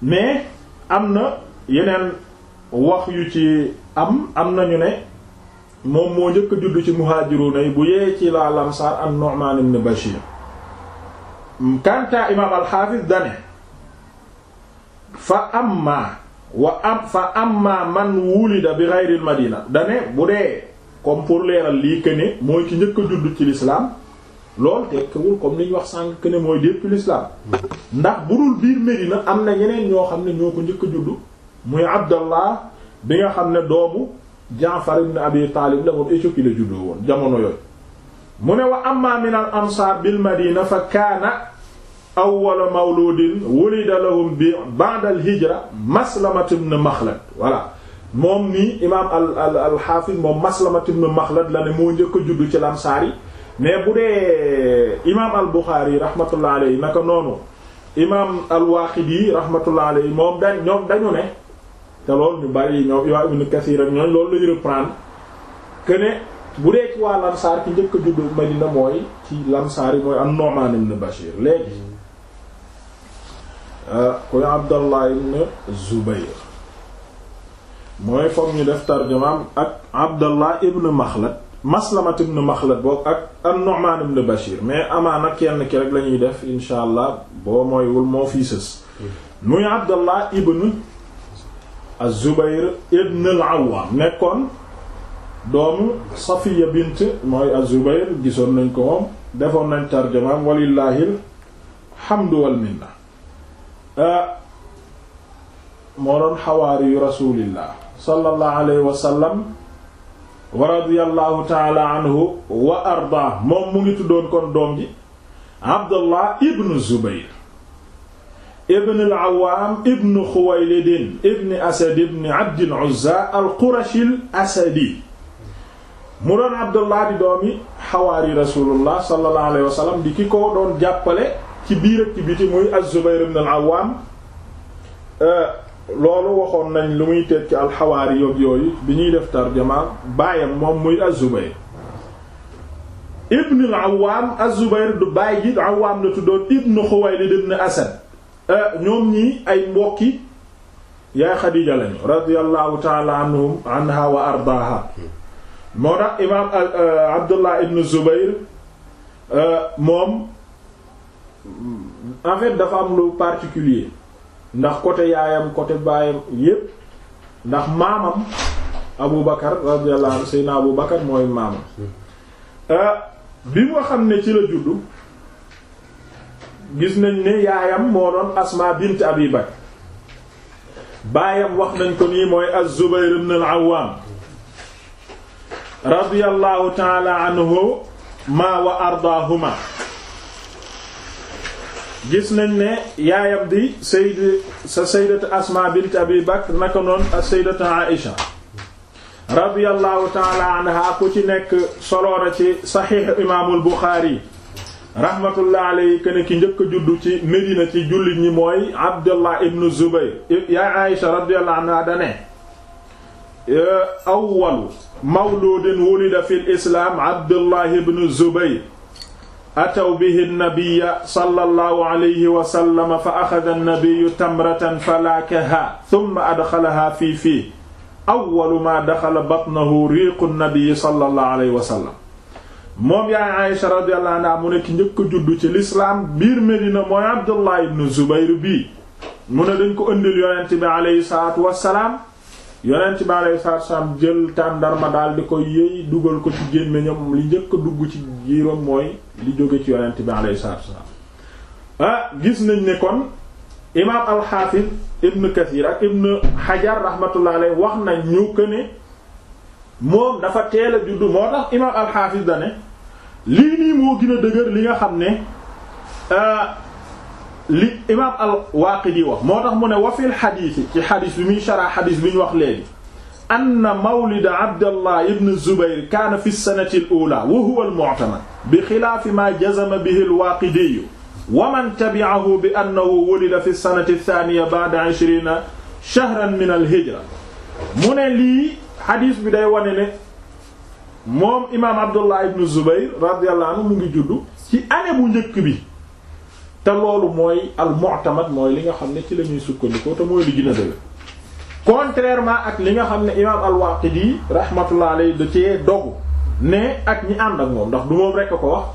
mais am na yeneen wax yu ci am am nañu ne moom moo njëkk a juddu ci muhajiruna yi bu yee ci laalamsaar an Nu'man ibn Bashir kanta imaam alxaafis dane fa amma wa am fa amma man wulida bi ghayril madina dane bu dee comme pour leeral lii këne mooy ci njëkk a judd ci l'islam lool tekkiwul comme li wax sànq këne mooy depuis l'islam ndax bu dul biir Medina am na ñeneen ñoo xam ne ñoo ko njëkk a judd muy abdallah bi nga xam ne doomu Jaafar ibn Abi Taalib la moom la juddoo woon jamono yooyu mu ne wa amma min al ansaar bil madina fa kaana awwala mawludin wulida lahum bi ba'da al hijra maslamat ibn maxlad moom nii imaam al al al xaafis moom maslamat ibn la ne moo njëkk juddu ci lansaar yi mais bu dee imaam al buxaari rahmatullah alayhi naka noonu imaam al waaqidi rahmatullah alayhi moom dañ ñoom dañu ne te loolu ñu bari ñoom ibn kasiir ak ñooñ loolu lañu reprendre que ne. bu dee ci waa lansaar ki njëkk a juddu Medina mooy ci lansaar yi mooy am Nu'man ibn Bashir léegi euh, kuy Abdallah ibn Zubayr mooy foog ñu def tarjumaam ak Abdallah ibn Makhlad Maslamat ibn Makhlad boog ak an-Nu'man ibn Bashir mais amaana kenn ki lañuy la ñuy def insha allah boo mooywul moo fii sës muy Abdallah ibn az-Zubayr ibn al-Awwam nekkoon doomu Safiya bint mooy Az-Zubayr gisoon nañ ko moom defoon nañ tarjamaam walillaahil hamdu wal minna euh, moo doon xawaari yu rasulillah sallallahu alayhi wa sallam wa radiyallahu taala anhu wa arda moom mu ngi tuddoon kon doom ji Abdullah ibn Zubayr ibn al-Awwam ibn Khuwaylid ibn Asad ibn Abd al-Uzza al-Qurashi al-Asadi mu doon abdullah di doomi xawaari rasulullah sallallahu alayhi di ki ko doon jàppale ci biir ak ci biti muy az-Zubayr ibn euh, loolu waxoon nañ lu muy tekki alxawaari yoog bi ñuy def tarjama baayam moom muy az-Zubayr ibn al du baay ji Awwam la tuddoon ibn Xuwaylid ibn Asad euh, ñoom ñii ay mbokki yaay Xadiija lañu radiyallahu ta'ala anhum anha moo tax imaam euh, euh, Abdullah ibn Zubayr euh, moom en dafa am lu particulier ndax côté yaayam côté baayam yépp ndax maamam Abu Bakar radiyallahu anhu Seydina Abu Bakar mooy maamam bi nga xam ne ci la juddu gis nañ ne yaayam moo doon Asma bint Abi Bakar baayam wax nañ ko nii mooy Az-Zubayr ibn al-Awwam radiyallahu taala ma wa ardaahuma gis nañ ne yaayam di sayd sa saydatu asma bint abi bakr naka noon ak saydatu aisha radiyallahu taala anha ku ci nekk soloona ci saxiix imaamul buxaari rahmatullah alayhi ken ki njëkk juddu ci Medina ci jullit ñi mooy abdullah ibnu zubayr yaa aisha radiyallahu anha Euh, awwalu mawluudin wulida fi lislaam abdullahi bnu zubayr ataw bihi nabiyya sallallahu alayhi wa sallam fa axada nabiyyu tamratan falaakaha thumma adxalaha fii fii awwalu maa daxala batnahu riiqu nabiyyi sallallahu alayhi wa sallam moom yaay Aysha radiyallahu anha mu ne ki njëkk a juddu ci lislaam biir Medina mooy Abdullahi ibn Zubayr bii mu ne dañ ko ëndil yonent bi alayhi salaatu wa salaam yonent bi alayhi salaatu salaam jël tàndarma daal di ko yëy dugal ko ci gémmiñam li njëkk a dugg ci giiram mooy li jóge ci yonent bi alayhi salaatu salaam ah gis nañ ne kon imaam alxaafis ibn Kathir ak ibn Hajar rahmatullah alayhi wax nañ ñu que ne moom dafa teela a juddu moo tax imaam alxaafis da ne lii nii moo gën a dëgër li nga xam ne. Ah, li imaam al-Waaqidi wax moo tax mu ne wa fil xadiisi ci xadis bi muy shara xadis bi ñu wax léegi anna mawlida Abdallah ibn Zubayr kaana fi sanati al-uulaa wa huwa al-mu'tamad bi xilaafi maa jazama bihi al-Waaqidi wa man tabi'ahu bi annahu wulida fi sanati mu ne lii xadis bi day wane ne moom imaam Abdallah ibn Zubayr radiyallahu anhu mu ngi juddu ci année bu njëkk bi. te loolu mooy al mu'tamad mooy li nga xam ne ci la ñuy sukkandikoo te mooy li gën a dëgg contrairement ak li nga xam ne imaam al-Waaqidi rahmatullah alayhi da cee dogu ne ak ñi ànd ak moom ndax du moom rekk ko wax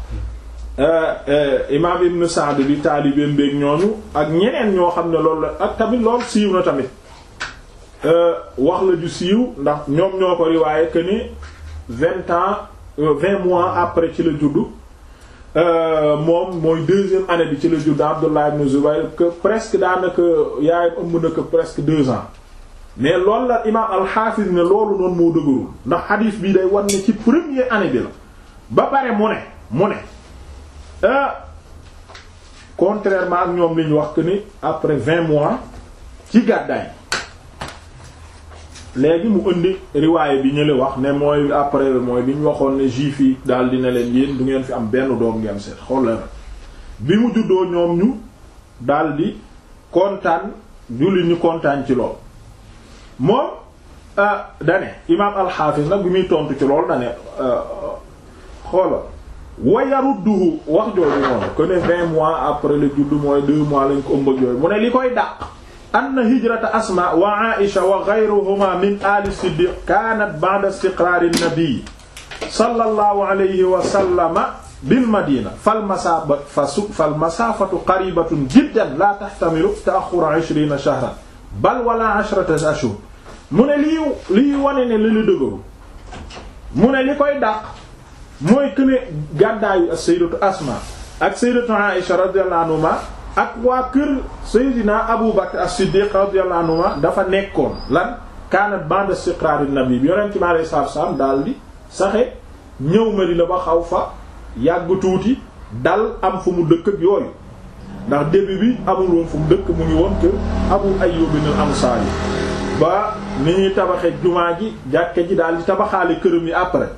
euh, euh, imaam ibn Sa'd bi taalibeem beek ñooñu ak ñeneen ñoo xam ne loolu la ak tamit lool siiw na tamit euh, wax la ju siiw ndax ñoom ñoo ko riwaaye que ni vingt ans vingt mois après ci la juddu Euh, moom mooy deuxième année bi ci la judd Abdullah ibn Zubayr daa presque daanaka yaay ëmb na que presque deux ans mais loolu la imaam al-Hafiz ne loolu noonu moo dëgërul ndax xadiis bi day war ne ci première année bi la ba pare mu ne mu ne euh, contrairement ak ñoom li ñu wax que ni après vingt mois ci gàddaay léegi mu indi riwaay bi ñu la wax ne mooy après mooy bi ñu waxoon ne juif yi daal dina leen yéen du ngeen fi am benn doom ngeen seet xool la bi mu juddoo ñoom ñu daal di kontaan julli ñu kontaan ci lool moom ah, dane imaam alxaafis nag bi muy tontu ci lool dane ah, xoola wayarudduhu wax jooju noonu que ne vingt mois après le juddu mooy deux mois lañ ko ëmb ak yooyu mu ne li koy dàq anna hijrata asma wa aisha wa ghayruhuma min ali siddiq kanat ba'da istiqrari nabi sallallahu alayhi wa sallama bil madina fal masaba fasu fal masafatu qaribatun jiddan la tahtamilu ta'akhkhur 20 shahran bal wala 10 ashhur mu ne lii lii wane ne li lu dëgëru mu ne li koy dàq mooy këne gàddaayu as-sayyidatu asma ak sayyidatu aisha radiyallahu anhuma ak waa kër Seydina Abu Bakr as-Siddiq radiyallahu anhu dafa nekkoon lan kaanat ba'da istiqraari nabi bi yonent mi alayhi salaatu daal di saxe ñëw Madina ba xaw fa yàgg tuuti dal am fu mu dëkk ak yooyu ndax début bi amul woon fu mu dëkk mu ngi woon kër Abu Ayyub al-Ansaari ba ni ñuy tabaxee jumaa ji jàkke ji daal di tabaxaale këram yi après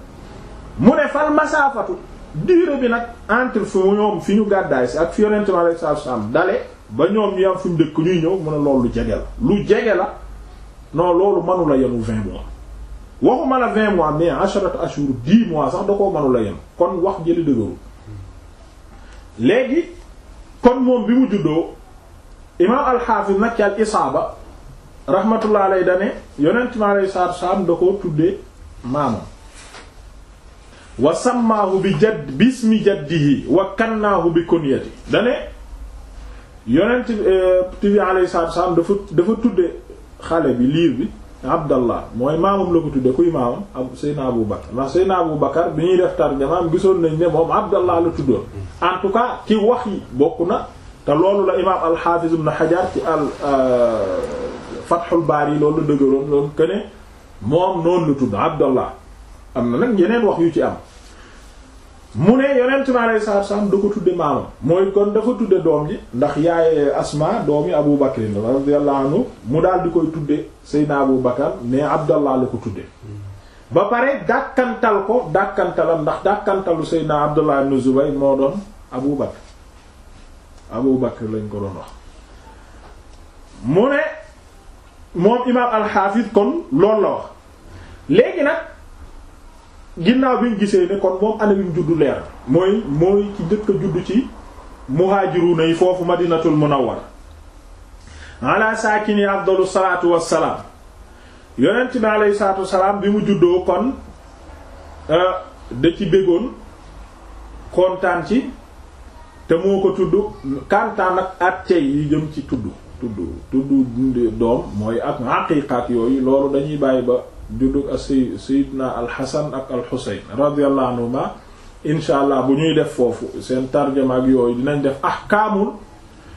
mu ne fal masaafatu durée bi nag entre fu ñoom fi ñu gàddaay si ak fi yonent mi alayhi salaatu dale ba ñoom ñu am fu ñu ñuy ñëw mu a loolu lu jege la lu jege la non loolu mënu la yenu vingt mois waxuma la vingt mois mais asharat ashur dix mois sax da koo mënu la yenu kon wax jëli dëgëru léegi kon moom bi mu juddoo imaam alxaafis nag ci al isaaba rahmatullah alay dane yonent mi alayhi salaatu salaam da tuddee maamam wa sammaahu bi jadd bismi jaddihi wa kannaahu bi kunyati dane yonent bi eh, alayhi salaatu dafa dafa tudde xale bi liir bi abdallah mooy maamam la ko tudde kuy maamam ab seyna abu bakar ndax seyna abu bakar bi ñuy def tarjamaam gisoon nañ ne moom abdallah la tuddoon en tout cas ci wax yi bokk na te loolu la imaam alxaafiz ibn xajar ci al eh, fathul baari loolu dëgëroon loolu këne moom noonu la tudd abdallah am na nag yeneen wax yu ci am mu ne yonent mi alayhi salaatu salaam da ko tudde maamam mooy kon dafa tudde doom ji ndax yaay asma doomi Abu Bakr radiyallahu anhu mu daal di koy tudde Seydina Abu Bakar ne Abdallah la ko tudde ba pare dàkkantal ko dàkkantalam ndax dàkkantalu Seydina Abdallah ibn Zubayr moo doon Abu Bakr Abu Bakr lañ ko doon wax mu ne moom imaam al kon loolu la wax léegi nag ginnaaw bi ñu gisee ne kon moom ana bi mu juddu leer mooy mooy ci njëkk a juddu ci muhaajiruuna yi foofu ma madinatul munawwar ala saakini afdalu salaatu wassalaam yonent bi alayhi salaatu salaam bi mu juddoo kon euh, da ci bëggoon kontaan ci te moo ko tudd kantaan ak àtte yi jëm ci tudd tudd tudd doom mooy ak haqiiqaat yooyu loolu dañuy bàyyi ba juddug ak si sayidna alxasan ak alxusayn radiyallahu anhuma incha allah bu ñuy def foofu seen tarjama yooyu dinañ def ahkaamul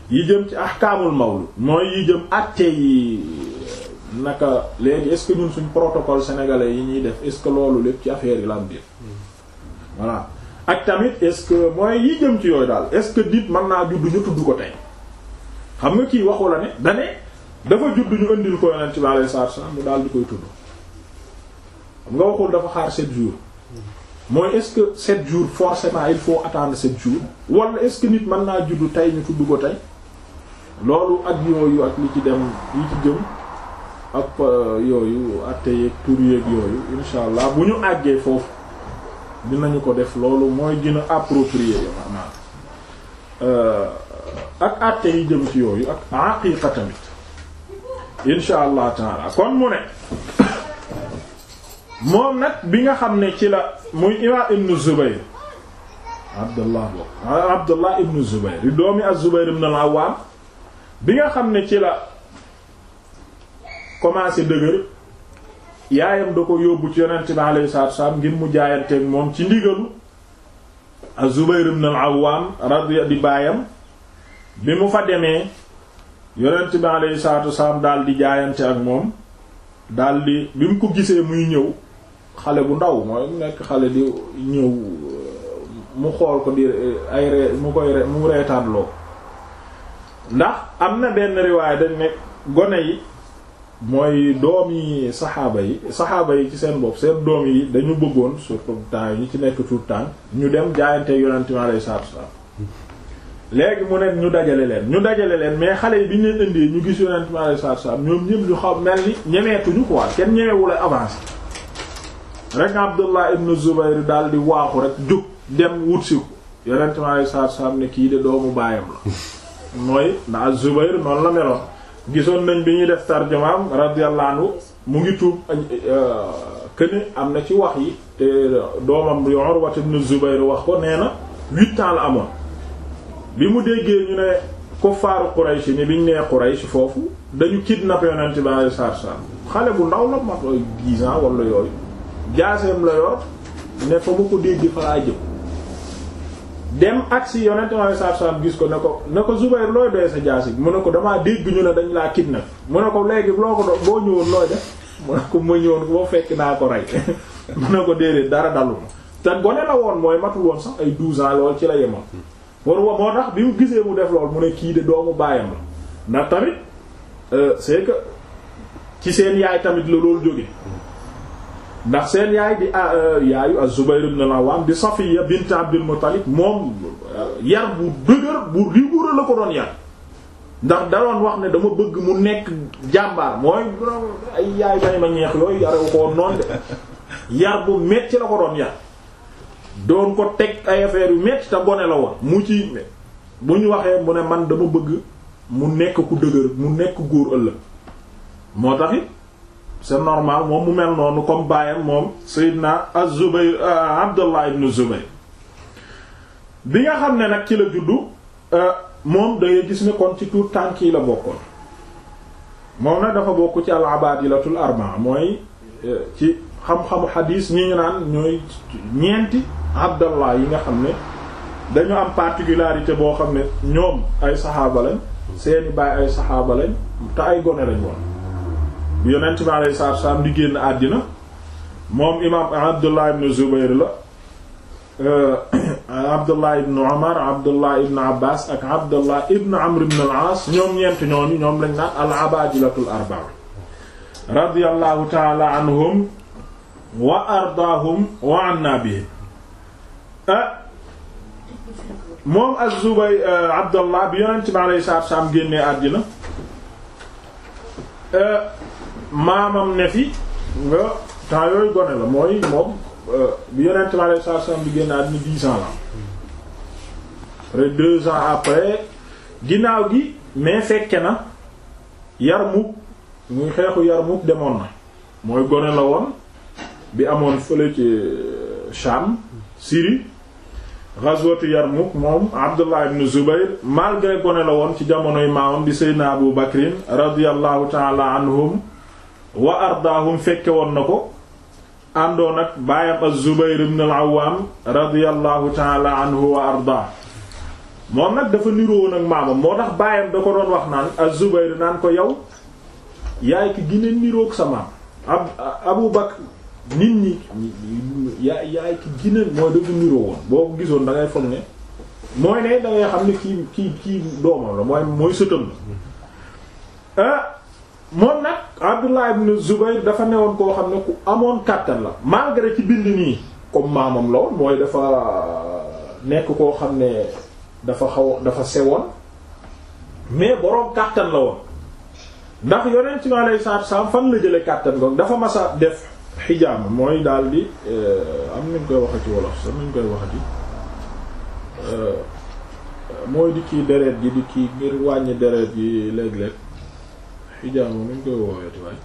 yi jëm ci ahkaamul mawlud mooy yi jëm ak yi naka léegi est-ce que ñun suñ protocole sénégalais yi ñuy def est-ce que loolu lépp ci affaire yi la am voilà ak tamit est-ce que mooy yi jëm ci yooyu daal est-ce que dit man naa judd ñu tudd ko tey xam nga kii waxu la ne dane dafa judd ñu indil ko yonent bi alayhi salaatu wa salaam mu daal di koy tudd nga waxul dafa xaar sept jours mooy est-ce que sept jours forcément il faut attendre sept jours wala nit mën naa juddu tey ñu tudd ko tey loolu ak yooyu ak li ci dem li ci jëm ak euh, yooyu atte yeeg tur yeeg yooyu insha allah bu ñu àggee foofu dinañu ko def loolu mooy gën a approprié yo maanaam euh, ak atte yi jëm ci yooyu ak aqiqa tamit insha allah taala kon mu ne moom nag bi nga xam ne ci la muy imaam ibnu Zubayr Abdullah Abdullah ibnu Zubayr di doomi az-Zubayr ibn al bi nga xam ne ci la commencé dëgër yaayam da ko yóbbu ci yonent bi alayhi salaatu wasalaam ngir mu jaayanteeg moom ci ndigalu az-Zubayr ibn al-Awwam di baayam bi mu fa demee yonent bi alayhi salaatu wasalaam daal di jaayante ak moom daal di bi mu ko gisee muy ñëw xale bu ndaw mooy nekk xale di ñëw mu xool ko di ay ree mu koy re mu reetaanloo ndax am na benn riwaay dañ nekk gone yi mooy doom yi saxaaba yi saxaaba yi ci seen bopp seen doom yi dañu bëggoon surtout temps yi ñu ci nekk tout temps ñu dem jaayante yonent mi alayhi salaatu salaam léegi mu nekk ñu dajale leen ñu dajale leen mais xale yi bi ñu leen indee ñu gis yonent mi alayhi salaatu salaam ñoom ñëpp ñu xaw mel ni ñemeetuñu quoi kenn ñemewu la avancé rek Abdullah ibn Zubayr daal di waaxu rek jóg dem wut si ko yonent mi alayhi ne kii de doomu baayam la mooy na Zubayr noonu la meloon gisoon nañ bi ñuy def tarjumaam radiyallahu anhu mu ngi tuub këne euh, am na ci wax yi te doomam bi Urwa ibn Zubayr wax ko nee na huit ans la amoon bi mu déggee ñu ne kuffaaru Quraysh ni biñ nee Quraysh foofu dañu kidnappé yonent bi alayhi salaatu xale bu ndaw la ma dix ans wala yooyu jaaseem la yor ne fa mu ko dégg fa laa jëm dem agsi yonent sallallahu alayhi wasallam gis ko ne ko ne ko Zubayr looy doy sa jaasi mu ne ko damaa dégg ñu ne dañ laa kidnap mu ne ko léegi loo ko boo ñëwoon looy def mu ne ko ma ñëwoon boo fekk naa ko rey mën ne ko déedéet dara dalu ma te gone la woon mooy matul woon sax ay 12 ans lool ci la yemoon war wa moo tax bi mu gisee mu def lool mu ne kii de doomu baayam la ndax tamit euh, c'est ci seen yaay tamit la jóge ndax seen yaay di ah, euh, yaayu az-Zubayr ibn al-Awwam di Safiya bint Abdul Muttalib moom euh, yar bu dëgër bu rigoureux la ko doon yar ndax daroon wax ne dama bëgg mu nekk jàmbaar mooy ay yaay may ma ñeex yooyu yarewu ko noonu de yar bu metti la ko doon yar doon ko teg ay yu metti te gone la woon mu ci bu ñu waxee mu ne man dama bëgg mu nekk ku dëgër mu nekk góor ëllëg moo taxit c'est normal moom mu mel noonu comme baayam moom Seydina Az-Zubayr euh, Abdullah ibn Zubayr bi nga xam ne nag ci la juddu euh, moom da ngay gis ne kon ci tuut tànk yi la bokkoon moom nag dafa bokk ci al-abaadilatul arba'a mooy euh, ci xam-xamu xadiis ñi ñu naan ñooy ñeenti Abdallah yi nga xam ne dañu am yi particularité boo xam ne ñoom ay saxaaba lañ seeni baay ay saxaaba lañ te ay gone lañ woon bu yonent bi alayhi salaam di génn àddina moom imaam Abdullah ibn Zubayr la euh, Abdullah ibn Umar Abdullah ibn Abbas Abdullah ibn Amr ibn al-As ñoom ñeent ñooñu ñoom lañ naan al-abaadilatul arba'a ah, euh, Abdullah bi yonent bi salaam génnee àddina euh, maamam ne fi nga temps yooyu gone la mooy moom euh, bi yonent ma lay sarsam bi génn àddina dix ans la après deux après ginnaaw gi mais fekke na Yarmouk muy xeexu Yarmouk demoon na mooy gone la woon bi amoon fële ci Sham euh, Syrie ghazwatu Yarmouk moom Abdullah ibn Zubayr malgré gone la woon ci jamonoy maamam di Seydina Abu Bakrin radiyallahu ta'ala anhum wa ardaahum fekke woon na ko àndoon ak baayam az-Zubayr ibn al-Awwam radiyallahu taala anhu wa ardaa moom nag dafa nirowoon ak maamam moo tax baayam da ko doon wax naan az-Zubayr naan ko yow yaay ki gën a niroog sa maam Abu Bakr nit ñi yaay ki gën mooy dafa niroo woon boo gisoon dangay ngay foog ne mooy ne da xam ne kii kii kii doomam la mooy mooy sëtam la ah, moom nag Abdullah ibn Zubayr dafa newoon koo xam ne ku amoon kàttan la malgré ci bind nii comme maamam la mooy dafa nekk koo xam ne dafa xaw dafa sewoon mais boroom kàttan la woon ndax yonent mi alayhi salaatu salaam fan la jële kàttan goog dafa masa def xijaama mooy daal di eh, am nañ koy waxati wolof sax nañ koy waxati eh, mooy di kii deret ji di kii ngir wàññi deret yi léeg-léeg ijaama nuñ koy woowee waaye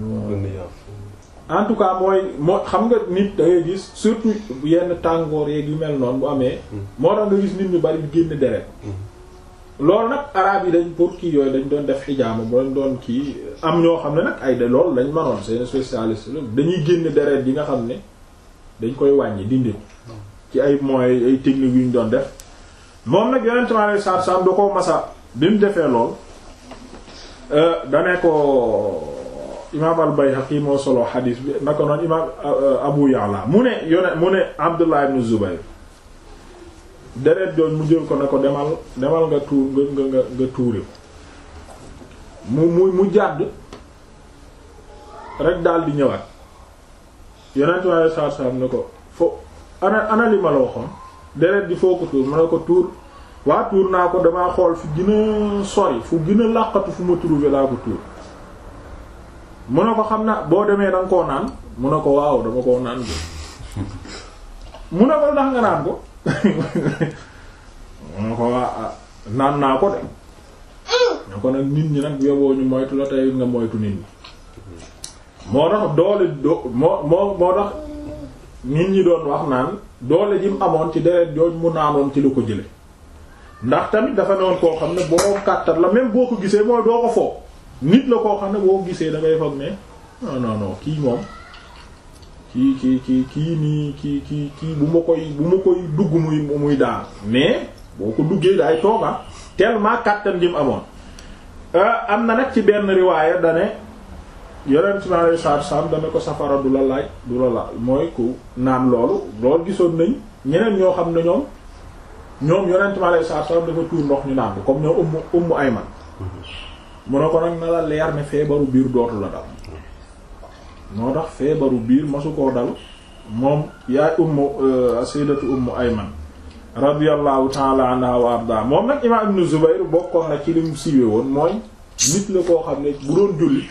waaw en tout cas mooy moo xam nga nit dangay gis surtout yenn tàngoor yeeg yu mel noonu bu amee hmm. moo tax gis nit ñu bari di génn deret hmm. loolu nag araab yi dañ pour kii yooyu dañ doon def xijaama bu dañ doon kii am ñoo xam ne nag ay de loolu lañ manoon seen spécialiste dañuy génn deret yi nga xam ne dañ koy wàññi dindi ci ay moyens ay techniques yu ñu doon def moom nag yonent mi alayhi salaatu salaam da koo masa bi mu defee lool euh, dane ko imaam al-Bayhaqi moo solo xadiis bi naka noonu imaam euh, Abu Ya'la mu ne yone mu ne Abdullah ibn Zubayr deret joon mu jël ko ne ko demal demal nga tuur nga nga nga tuuri ko mu mu mu jàdd rek daal di ñëwaat yonent mi alayhi salaatu salaam ne ko fo ana ana li ma la deret di foo ko tuur ma ne ko tuur waa tuur naa ko damaa xool fu gën a sori fu gën làqatu fu ma trouvé laa ko tuur mu ne ko xam na boo demee danga koo naan mu ne ko waaw dama naan ko naan mu ne ko waa ah, naa ko de nga ko nag nit ñi nag yoboo ñu moytu la tey nga moytu nit ñi moo tax doole do moo moo tax nit ñi doon wax naan doole ji mu amoon ci deret jooj mu naanoon ci la ko jële ndax tamit dafa noon koo xam ne boo kàttan la même boo ko gisee mooy doo ko foog nit la koo xam ne boo ko gisee dangay ngay foog ne non non kii moom kii kii kii kii nii kii kii kii bu ma koy bu ma koy dugg muy muy daan mais boo ko duggee daay tooga ah, tellement kàttan ji mu amoon euh, am na nag ci benn riwaaya dane yeneen ci maanaam saab saab ko safara du la laaj du la laal mooy ku naan loolu loolu gisoon nañ ñeneen ñoo xam ne ñoom ñoom yonent ma dafa tuur ndox ñu naan ko comme ay man mu ne ko nag na la leer ne feebaru biir dootu la dal moo tax feebaru biir masu ko dal moom yaay ummu euh, sayyidatu ummu ayman radiyallahu ta'ala anha wa arda moom nag imam ibn Zubayr bokkoon na ci li mu woon mooy nit la koo xam ne bu doon julli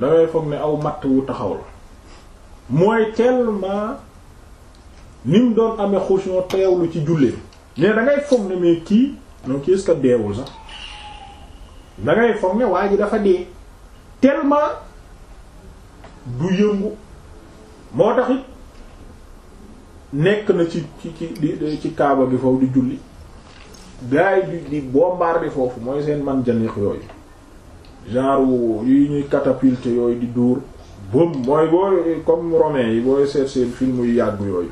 dangay foog ne aw matt wu taxaw la mooy tellement ni mu doon amee xushion teewlu ci jullee mais dangay foog ne mais kii non kii est deewul sax dangay fom ne waa ji dafa dee tellement du yëngu moo tax nekk na ci ci ci ci kaaba gi foofu di julli gars yi di di foofu mooy seen man janix yooyu genre yi ñuy catapulte yooyu di duur bëm mooy booy comme romain yi booy seet seen film yu yàgg yooyu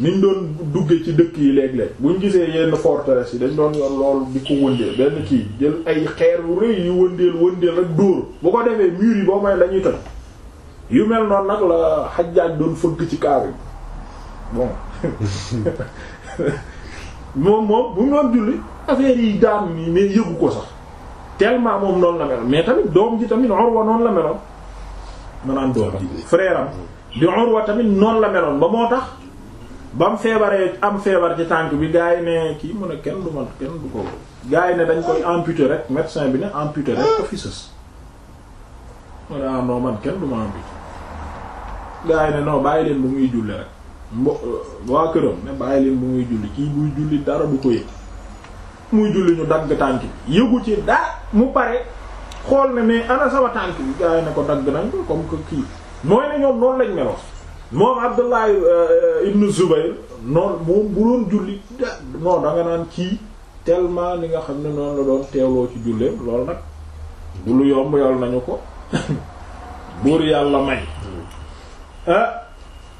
niñ doon dugge ci dëkk yi léeg-léeg buñ gisee yenn forteresse yi dañ doon yor loolu di ko wëndeel benn kii jël ay xeer yu rëy yu wëndeel wëndeel ak dóor bu ko defee mur yi boo may lañuy toj yu mel noonu nag la xajjaaj doon fëgg ci kaaw yi bon moom moom bu mu doon julli affaire yi daanu yëgu ko sax tellement moom noonu la meloon mais tamit doom ji tamit Urwa noonu la meloon maanaam doom ji frère am di Urwa tamit noonu la meloon ba moo tax ba mu feebaree am feebar ci tànk bi gars yi ne kii mu ne kenn du ma kenn ko gars yi ne dañ koy amputé rek médecin bi ne amputé rek ko fi sës mu ne ah non man kenn du ma amputé ne non bàyyi leen bu muy julli rek mbo euh, waa këram ne bàyyi leen bu muy julli kii buy julli dara du ko yëg muy julli ñu dagg tànk bi yëgu ci daa mu pare xool ne mais ana sama tànk bi gars yi ne ko dagg nañ ko comme que kii mooy ne ñoom noonu lañ melo moom Abdullah euh, ibn Zubayr noonu moom bu doon julli da non naan kii tellement li nga xam ne noonu la doon teewloo ci julleem loolu nag du lu yomb yal nañu ko buur yàlla may ah,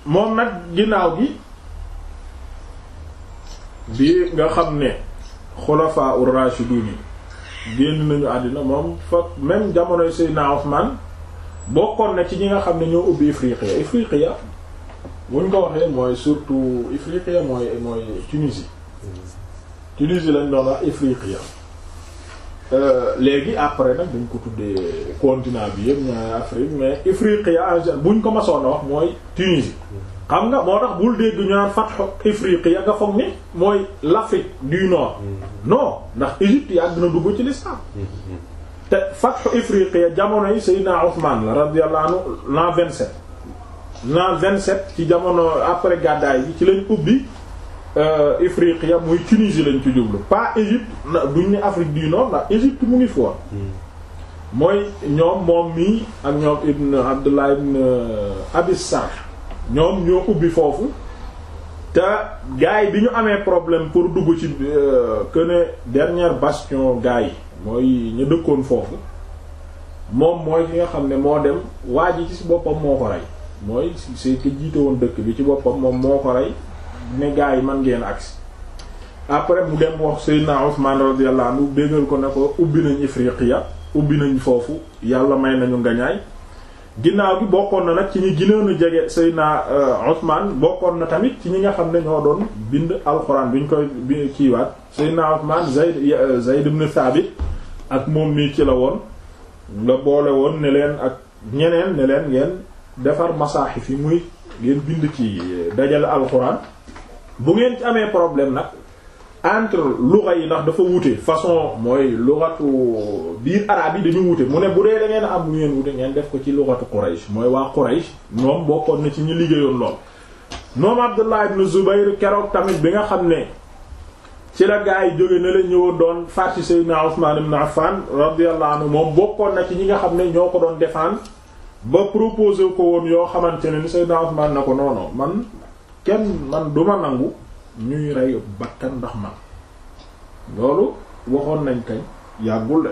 moom nag ginnaaw gi bi nga xam ne xulafaa ur-raashidun yi génn nañu àddina moom fa même jamonoy Seydina Usmaan bokkoon na ci ñi nga xam ne ñoo ubbi Ifriqiya Ifriqiya buñ ko waxee mooy surtout Ifriqiya mooy mooy Tunisie Tunisie lañ doon wax Ifriqiya euh, léegi après nag dañ ko tuddee continent bi yëpp ñooy Afrique mais Ifriqiya en buñ ko masoon a wax mooy Tunisie xam nga moo tax bul dégg ñu naan fathu Ifriqiya nga foog ni mooy l'Afrique du Nord mm-hmm. non ndax Égypte yàgg na dugg ci l'islam mm-hmm. te fathu Ifriqiya jamono yi Seydina Ousmane la radiyallahu anhu l'an 27 l'an 27 ci jamono après gàddaay bi ci lañ ubbi euh, Ifriqiya muy Tunisie lañ ci jublu pas Égypte duñ ne Afrique du Nord ndax Égypte mu ngi foon mm-hmm. mooy ñoom moom mii ak ñoom Ibn Abdullah ibn euh, Abis Sarh ñoom ñoo ubbi foofu te gars yi bi ñu amee problème pour dugg ci euh, que ne bastion gars yi mooy ñu dëkkoon foofu moom mooy ki nga xam ne moo dem waa ji ci boppam moo ko rey mooy c'est que jiite woon dëkk bi ci boppam moom moo ko rey ne gars yi man ngeen agsi après mu dem wax Seydina Ousmane radiyallahu anhu déggal ko ne ko ubbi nañ ya ubbi nañ foofu yàlla may nañu ngañaay ginnaaw bi bokkoon na nag ci ñi gënoon a jege Seydina euh, Ousmane bokkoon na tamit ci ñi nga xam ne ñoo doon bind alxuraan bi ñu koy bi kiiwaat Seydina Ousmane Zayd euh, Zayd ibn Thabit ak moom mi ci la woon la boole woon ne leen ak ñeneen ne leen ngeen defar masaaxif fi muy ngeen bind ci euh, dajale alxuraan bu ngeen ci amee problème nag entre luxa yi ndax dafa wute façon mooy luxatu biir araab yi dañu wute mu ne bu dee da ngeen am lu ngeen wute ngeen def ko ci luxatu Quraysh mooy waa Quraysh ñoom bokkoon na ci ñu liggéeyoon lool moom Abdullah ibn Zubayr keroog tamit bi nga xam ne ci la gaa yi jóge na la ñëwoon doon fàtti Seydina Usman ibn Affan radiyallahu anhu moom bokkoon na ci ñi nga xam ne ñoo ko doon défendre ba proposé ko woon yoo xamante ne ni Seydina Usman ne ko non non man kenn man duma nangu ñuy reyu bakkan ndax man loolu waxoon nañ kañ yàggul de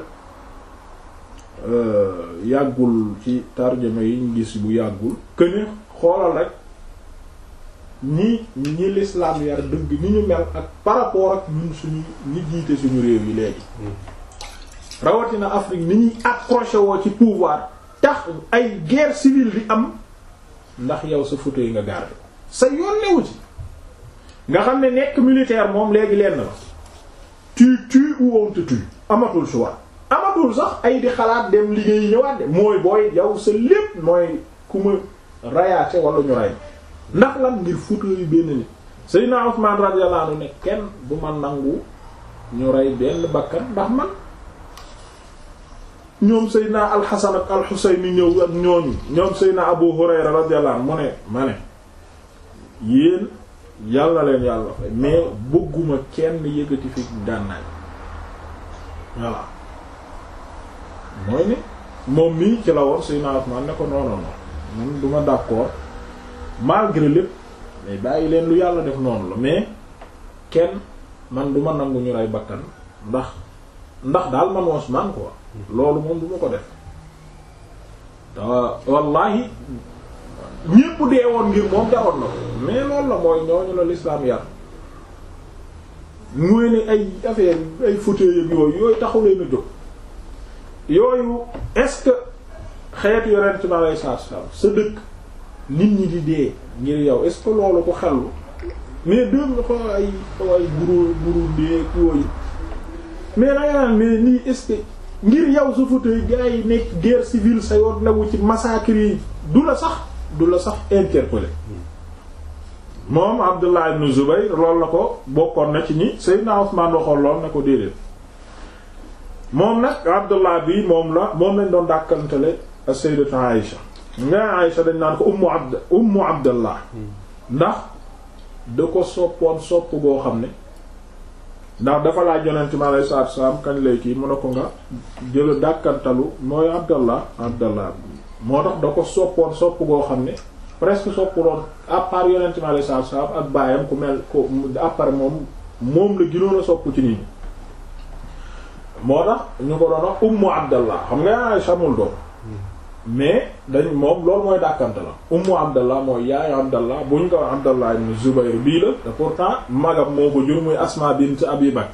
euh, yàggul ci tarjuma yi ñu gis bu yàggul këni xoolal rek ni ñi l'islam yar dëgg ni ñu mel ak par ak ñun suñu ñi jiite suñu réew yi léegi hmm. rawatina Afrique ni ñuy accroché woo ci pouvoir tax ay ger civile di am ndax yow sa fauteuil nga garder sa yoon newu ci nga xam ne nekk militaire moom léegi lenn la tu tu ou on te tue amatul choix amatul sax ay di xalaat dem liggéey ñëwaat de mooy booy yow sa lépp mooy ku ma rayaate wala ñu ray ndax lan ngir fauteuil yu benn nit Seydina Ousmane radiyallahu ne kenn bu ma nangu ñu rey benn bakkan ndax man ñoom Seydina Al-Hasan ak ñëw ak ñoom Seydina Abu Hurayra radiyallahu anhu ne ma ne yéen yàlla leen yàlla fay mais bëgguma kenn yëkkati fi gànnaay voilà mooy ni moom mii ci la war Seydina Usmaan ne ko non non man du ma malgré lépp mais bàyyi leen lu yàlla def noonu la mais kenn man du ma nangu ñu rey bakkan ndax ndax daal man Usmaan quoi loolu moom du ko def wallaahi ñépp dee woon ngir moom jaroon na mais loolu la mooy ñooñu la l'islam yar mooy ne ay affaire ay fauteuil yooyu yooyu taxulee na jóg yooyu est-ce que xeetu yonent ci ma lay sa dëkk nit ñi di dee ngir yow est-ce que loolu ko xellu mais dém nga ko ay ay buru buru dee yooyu mais danga naan mais nii est ngir yow sa fauteuil gars yi nekk guerre civile sa yoon newu ci massacre yi du la sax du la sax interpeller moom Abdullah ibn Zubayr lool la ko bokkoon na ci ñi Seydina Usmaan waxoon lool na ko déedéet moom nag Abdullah bii moom la moom lañ doon dàkkantale ak Sayyidatu Aïsha nga Aïsha dañ naan ko ummu Abdullah ndax da ko soppoon sopp goo xam ne ndax defalaa laaj ma mi alayhi salaatu wa kañ lay kii mu ne ko nga jël dàkkantalu mooy Abdallah Abdallah moo tax da ko soppoon sopp goo xam ne presque soppuloon à part yonent mi alayhi salaatu ak baayam ku mel ko à moom moom la gënoon a sopp ci nit moo tax ñu ko doon wax ummu abdallah xam nga yaay samul doom mais dañ moom loolu mooy dàkkante la ummu abdallah mooy yaayu abdallah bu ko wax abdallah ibn bii la te pourtant magam moo ko jur muy asma bint abi bakr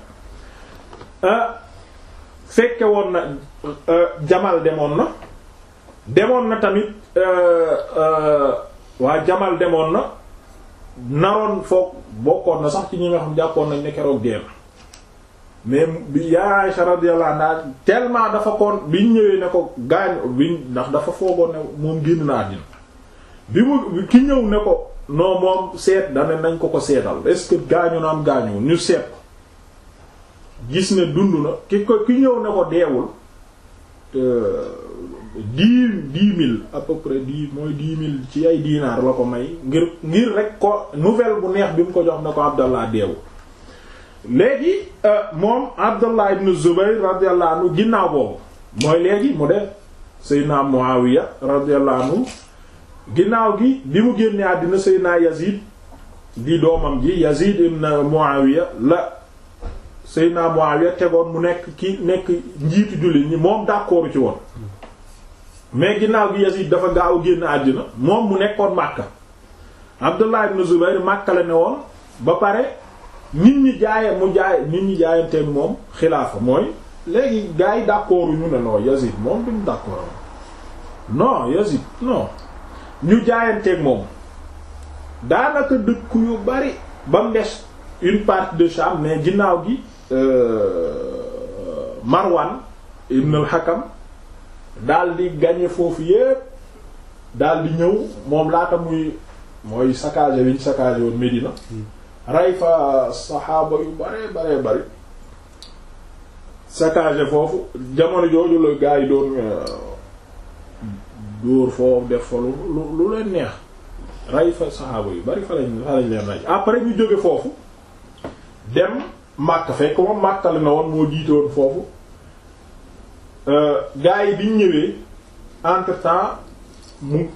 euh, fekke woon na euh, jamal demoon na demoon na tamit euh, euh, waa Jamal demoon na naroon foog bokkoon na sax ci ñi xam jàppoon nañ ne keroog dee na mais bi yaa Aisha radiyallahu anha tellement dafa koon biñ ñëwee ne ko gaañ bi ndax dafa foogoon ne na àddina bi mu ki ñëw ne ko non moom seet dane nañ ko ko seetal est-ce que gaañu na am gaañu ñu seet ko gis ne dund na ki ko ki ñëw ne ko deewul dix dix mille à peu mooy dix mille ci ay diinaar la ko may ngir ngir rek ko nouvelle bu neex bi mu ko jox na ko Abdallah deewu léegi euh, moom Abdallah ibn Zubayr radiyallahu anhu ginnaaw boobu mooy léegi mu def Seydina Muawiya radiyallahu anhu ginnaaw gi bi mu génnee àddina Seydina Yazid di doomam ji Yazid ibn Muawiya la Seydina Muawiya tegoon mu nekk ki nekk njiitu jullit ñi moom d'accord ci woon mais ginnaaw gi Yazid dafa gaaw génn àddina moom mu nekkoon Makka Abdullah ibn Zubayr Makka la ne woon ba pare nit ñi jaaye mu jaaye nit ñi jaayanteeg moom xilaafa mooy léegi gars yi d'accord ñu ne non Yazid moom duñ d'accord non Yazid non ñu jaayanteeg moom daanaka dëkk yu bari ba mu des une partie de Sham mais ginnaaw gi euh, Marwan ibn hakam daal di gañe foofu yépp daal di ñëw moom laata muy mooy saccagé wiñ saccagé woon Médina hmm. rey fa saxaaba yu bare bare bari saccagé foofu jamono jooju la gaa yi doon euh, dóor foofu def fa lu lu leen neex rey fa saxaaba yu bari fa lañ fa leen rey après ñu jóge foofu dem Makka fekk moom Makka na woon moo jiite foofu Euh, gaa yi biñ ñëwee entre temps mu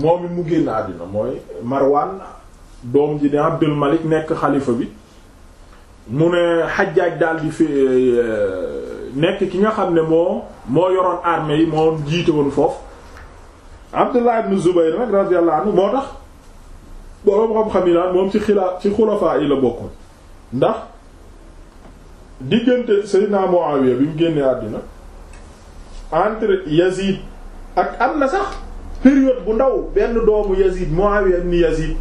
moom mu génn àddina mooy Marwan doom ji di Abdul Malik nekk xalifa bi mu ne Hajjaj daal di fi euh, nekk ki nga xam ne moo moo yoroon armée yi moo jiite foofu Abdullah ibn Zubayr nag radiyallahu anhu moo tax boroom xam-xam yi naan moom ci xilaa ci xulafaa yi la bokkoon ndax diggante Seydina Muawiya bi mu génnee àddina entre Yazid ak am na sax période bu ndaw benn doomu Yazid Muawiya ibn Yazid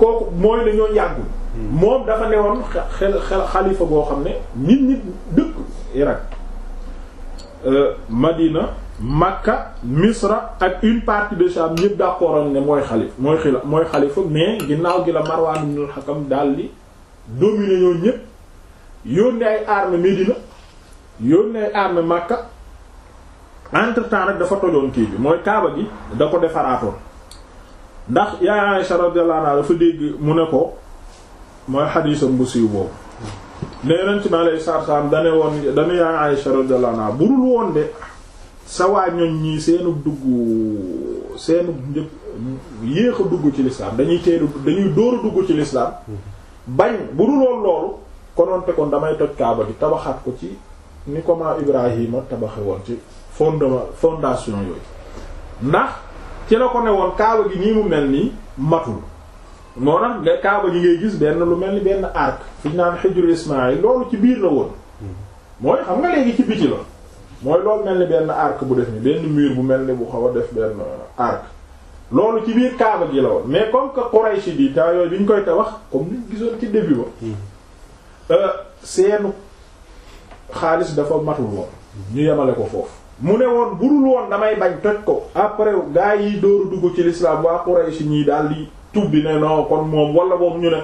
kooku mooy dañoo yàggul hmm. moom dafa newoon xel xel xalifa boo xam ne nit nit dëkk Irak euh, Madina Makka Misra ak une partie de Sham ñëpp d'accord ne mooy xalif mooy xila mooy xalifa mais ginnaaw gi la Marwan ibn al-Hakam daal di dominer ñoo ñëpp yónnee ay armes Médina yónnee ay Makka entre temps rek dafa tojoon kii bi mooy kaaba gi da ko defaraatoon ndax yaay Aisha radiyallahu anha dafa dégg mu ne ko mooy xadiisam bu siiw boobu ne yonent mi alayhi salaatu salaam dane woon dane yaay Aisha radiyallahu anha woon de sa waa ñoñ ñii seenu dugg seenu njëkk yéex a dugg ci lislaam dañuy teelu dañuy dóor a dugg ci lislaam bañ burul woon loolu konoonte kon damay toj kaaba di tabaxaat ko ci ni ko ma Ibrahima tabaxe woon ci fondement fondation yooyu ndax ci la ko ne woon kaaba gi nii mu mel nii matul moo tax nga kaaba gi ngay gis benn lu mel ni benn arc fi naan xijru Ismaïl loolu ci biir la woon mooy xam nga léegi ci biti la mooy loolu mel ni benn arc bu def ni benn mur bu mel ni bu xaw a def benn arc loolu ci biir kaaba gi la woon mais comme que Quraysh bi ta yooyu bi ñu koy tabax comme ni gisoon ci début ba hmm. euh, seenu xaalis dafa matul woon ñu yemale ko foofu mu ne woon budul woon damay bañ toj ko après gaa yi dóoru dugg ci l'islam waa Quraysh ñii daal di tubbi ne non kon moom wala moom ñu ne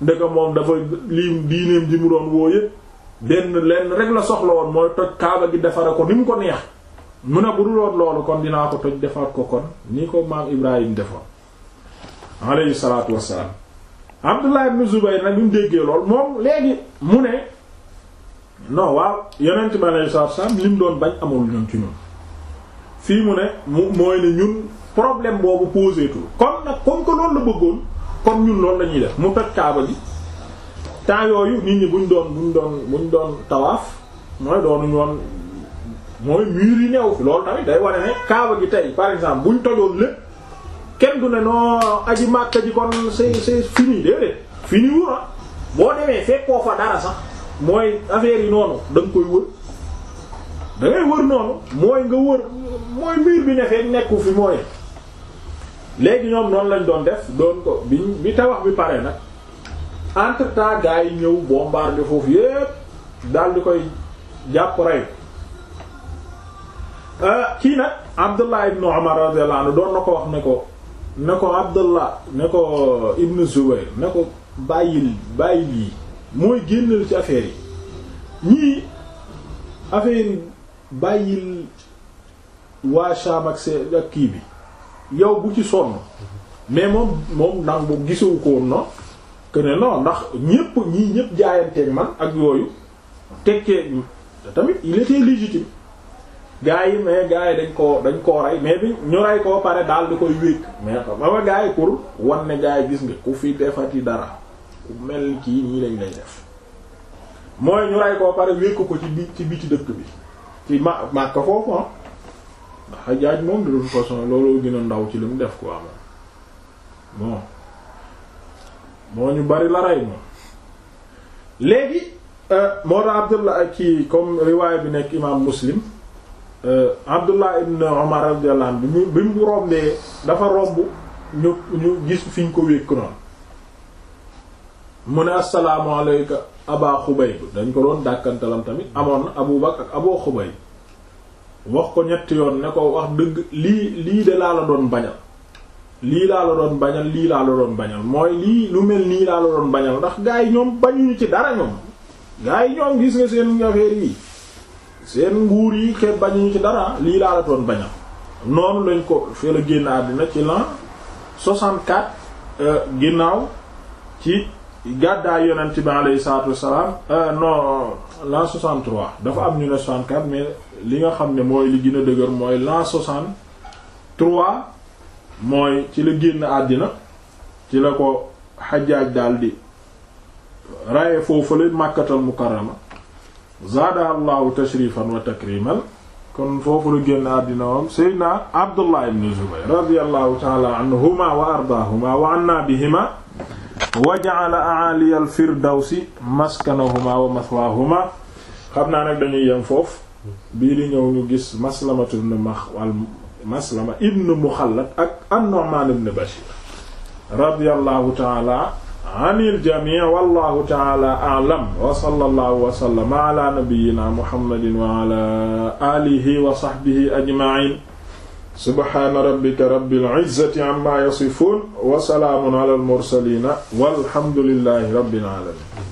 ndeka moom dafa lii diineem ji mu doon woo yëpp benn lenn rek la soxla woon mooy toj kaaba gi defare ko ni mu ko neex mu ne budul woon loolu kon dinaa ko toj defaat ko kon ni ko maam Ibrahim defoon alayhi salaatu wassalaam Abdullah ibn Zubayr nag ñu déggee lool moom léegi mu ne non waaw yonent bi alayhi salaatu wa salaam mu doon bañ amul ñun ci ñun fii mu ne mu mooy ne ñun problème boobu posé tout kon nag comme que loolu la bëggoon kon ñun lool la ñuy def mu toj kaaba ji temps yooyu nit buñ doon doon buñ doon tawaaf mooy doonuñu woon mooy mur yi neew loolu tamit day wane ne kaaba gi tey par exemple buñ tojoon lépp kenn du ne noo aji màkka ji kon c'est c'est fini déedéet fini wura ah. boo demee fekkoo fa dara sax mooy affaire yi noonu da nga koy wër da ngay wër noonu mooy nga wër mooy mbir bi ne fee nekku fi mooy léegi ñoom noonu lañ doon def doon ko bi bi tabax bi pare nag entre temps gars yi ñëw bombarder foofu yépp daal di koy jàpp rey euh, kii nag Abdullah ibn Umar radiyallahu anhu doon na ko wax ne ko ne ko Abdullah ne ko Ibn Zubayr ne ko bàyyil bàyyil yi mooy génnal ci affaire yi ñii affaire yi bàyyil waa ak seen ak kii bi yow bu ci sonn mais moom moom nangu gisewu ko woon na que ne non ndax ñépp ñii ñépp jaayanteeg man ak yooyu tekkee tamit il était légitime gars yi mais gars yi dañ ko dañ koo rey mais bi ñu rey koo pare daal di koy wékk mais xam nga pour wan ne gars yi gis nga ku fi defati dara mel kii nii lañ lay def mooy ñu rey koo pare wékk ko ci bi ci biti dëkk bi ci ma màkk foofu ah ndax moom de toute façon looloo gën a ndaw ci lu mu def quoi moom moo ñu bari la rey moom léegi euh, moo tax Abdullah kii comme riwaay bi nekk imaam Muslim euh, Abdullah ibn Umar radiyallahu anhu bi mu rombee dafa robb ñu ñu gis fi ñu ko wékk noonu mu ne assalaamu alayka aba xubayb dañ ko doon dàkkantalam tamit amoon na abu bakar ak aboo wax ko ñetti yoon ne ko wax dëgg lii lii de laa la doon bañal lii laa la doon bañal lii laa la doon mooy lii lu mel nii laa la doon bañal ndax gaa yi ñoom bañuñu ci dara ñoom gaa yi ñoom gis nga seen affaire yi seen nguur yi xeet bañuñu ci dara lii laa la doon bañal noonu lañ ko fee la génn àddina ci l'an 64 euh, ginnaaw ci gàddaay yonent bi alayhi salaatu wassalaam euh, no l'an 63 dafa am ñu ne 64 mais li nga xam ne mooy li gën dëgër mooy l'an 63 mooy ci la génn àddina ci la ko xajaaj daal di raye foofu la màkkatal mukarrama zaada tashrifan wa takriman kon foofu la génn àddina moom seydna abdullah ibn zubayr radiyallahu ta'ala anhuma wa ardaahuma wa anna bihima wa ja'ala a'ali al-firdawsi maskanahuma wa mathwahuma xam naa nag dañuy yem foofu bii di ñëw ñu gis maslama ibn maxwal maslama ibn muxallad ak an-nu'man ibn bashir radiyallahu ta'ala anil jami' wallahu ta'ala a'lam wa sallallahu wa sallama ala nabiyyina muhammadin wa ala alihi wa sahbihi ajma'in subhaana rabbika rabbil izzati amma yasifuun wa salaamun alal mursaliina walhamdulillahi rabbil aalamiin